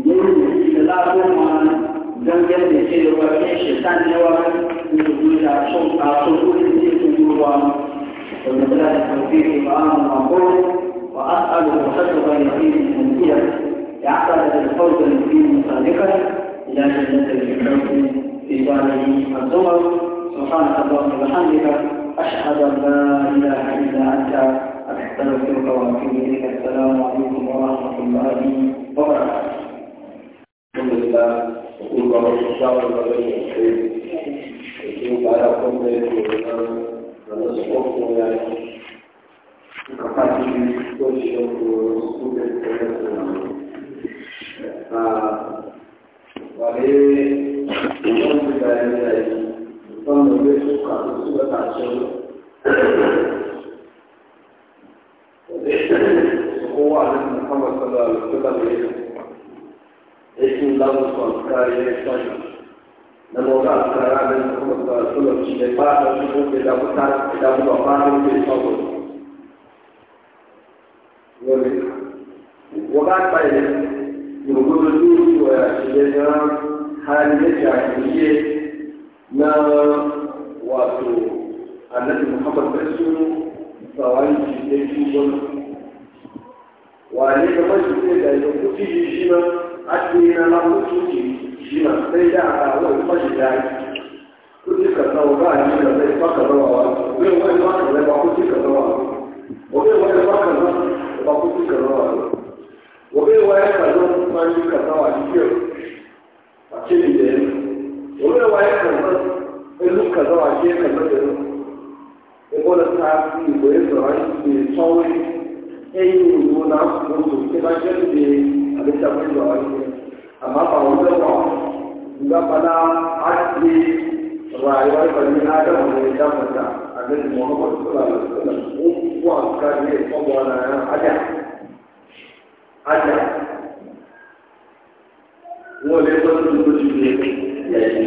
يجري لا تؤمن dangane da cewa yin shekan yawa ne da a sokuri ne su yiwuwa ومثلات التوفيق معهم معقول وأسأل محقق اليقين المنزلة يعقد بالفوز المبين صادقا إلى جنة الفردوس في داره الصور سبحانك اللهم وبحمدك أشهد أن لا إله إلا أنت أستغفرك وأتوب إليك السلام عليكم ورحمة الله وبركاته. الحمد لله vamos é deixar o governo e que o cara compreende na nossa oportunidade o parte de discussão do estudo internacional. Ah, valeu, não ficaremos aí. Quando eu vejo o caso de sua taxa, وهو أعلم محمد صلى الله عليه وسلم لكن يكون له صنكار يشتغل لما وقع القرار من محمد صلى الله عليه وسلم في بعض الشهور إلى مطار إلى مطار في الصبر وقعت بين يقول الدين وشجرة حالية جاهلية ما واتو النبي محمد بسم فوائد في الدين وعليك ما يقول لك أنه في جيشنا أتينا له سوتي شيما سيدا على أول مجد كتك الثوبان من الذي فقد رواه ومن وين فقد لما كتك رواه ومن وين فقد لما كتك رواه ومن وين فقد لما كتك رواه أكيد ومن وين فقد إنه كذا وعشية كذا يقول الساعة في بيت رأي في صوري أي نقول نعم نقول كذا كذا abin da mun da wani amma ba wanda ba ga fada haske rayuwar bani adam ne da fata annabi Muhammad sallallahu alaihi wasallam ko an kare ko na aja aja wọlé tó ti tó ti lé yẹn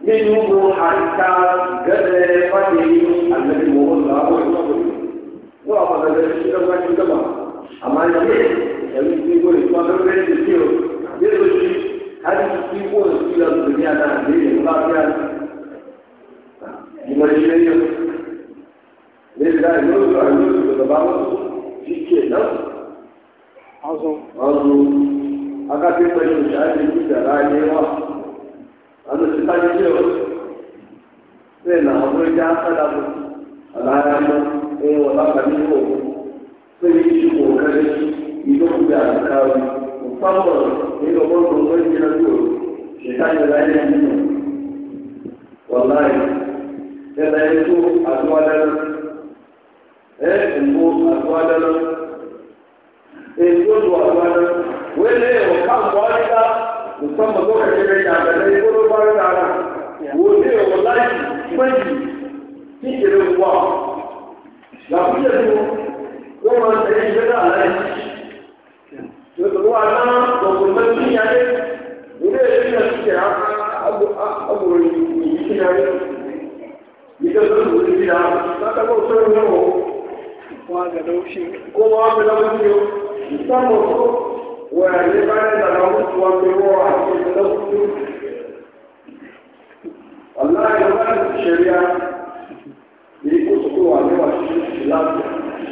nínú wo àyíká gẹ́gẹ́ bá ti ní àgbẹ̀dẹ̀ mọ́wọ́ lọ́wọ́ ìwọ́n wọ́n àwọn ọ̀dọ́ ti ṣe lọ́wọ́ ìjọba. amma jiya yanzu sun gode kuma don gani da ke zai zo shi har su fi kowane filan duniya na da ya ba fiya yi mai shi ne ne da ya yi a yi su da ba wasu shi ke nan azu azu aka fi mai shi ake da rayuwa an su ta ji cewa الذي يدخل على مصور إلى برضه غير مجهول شيطان لا يؤمن والله لا يسوء أقوالا إيه نقول أقوالا إيه نقول أقوالا وإيه وكان ذلك musamman lokacin da ya da ne ko ba da ara wo ne wallahi kwanci kike da kuwa la kuya máa ń tẹ̀lé ìgbẹ́ náà láì sí. Kó wọ́n ní wà ní wàṣíṣ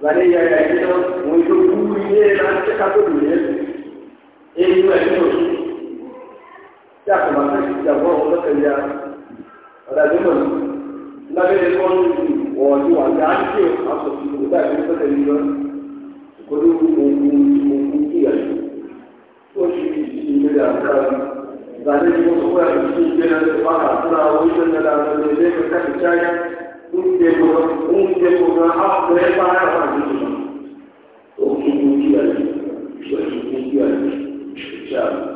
ìgbàlẹ́ yẹ ẹ̀ ẹ̀ náà mo ń lókù ilé láti kábòlù yẹn èyí wẹ̀ ní òṣù tí a kò máa fẹ́ ti dàgbọ́ ọ̀hún lọ́kẹ̀ ya ọ̀dàdé mọ̀ ní lábẹ́rẹ́ kọ́ ní àti àṣìṣe àṣọ̀tì ìgbà ìgbà ìgbà ìgbà ìgbòdo òkú òkú ìyà un tempo, un tempo con altre parole, o chi mi dia, cioè chi mi dia, diciamo.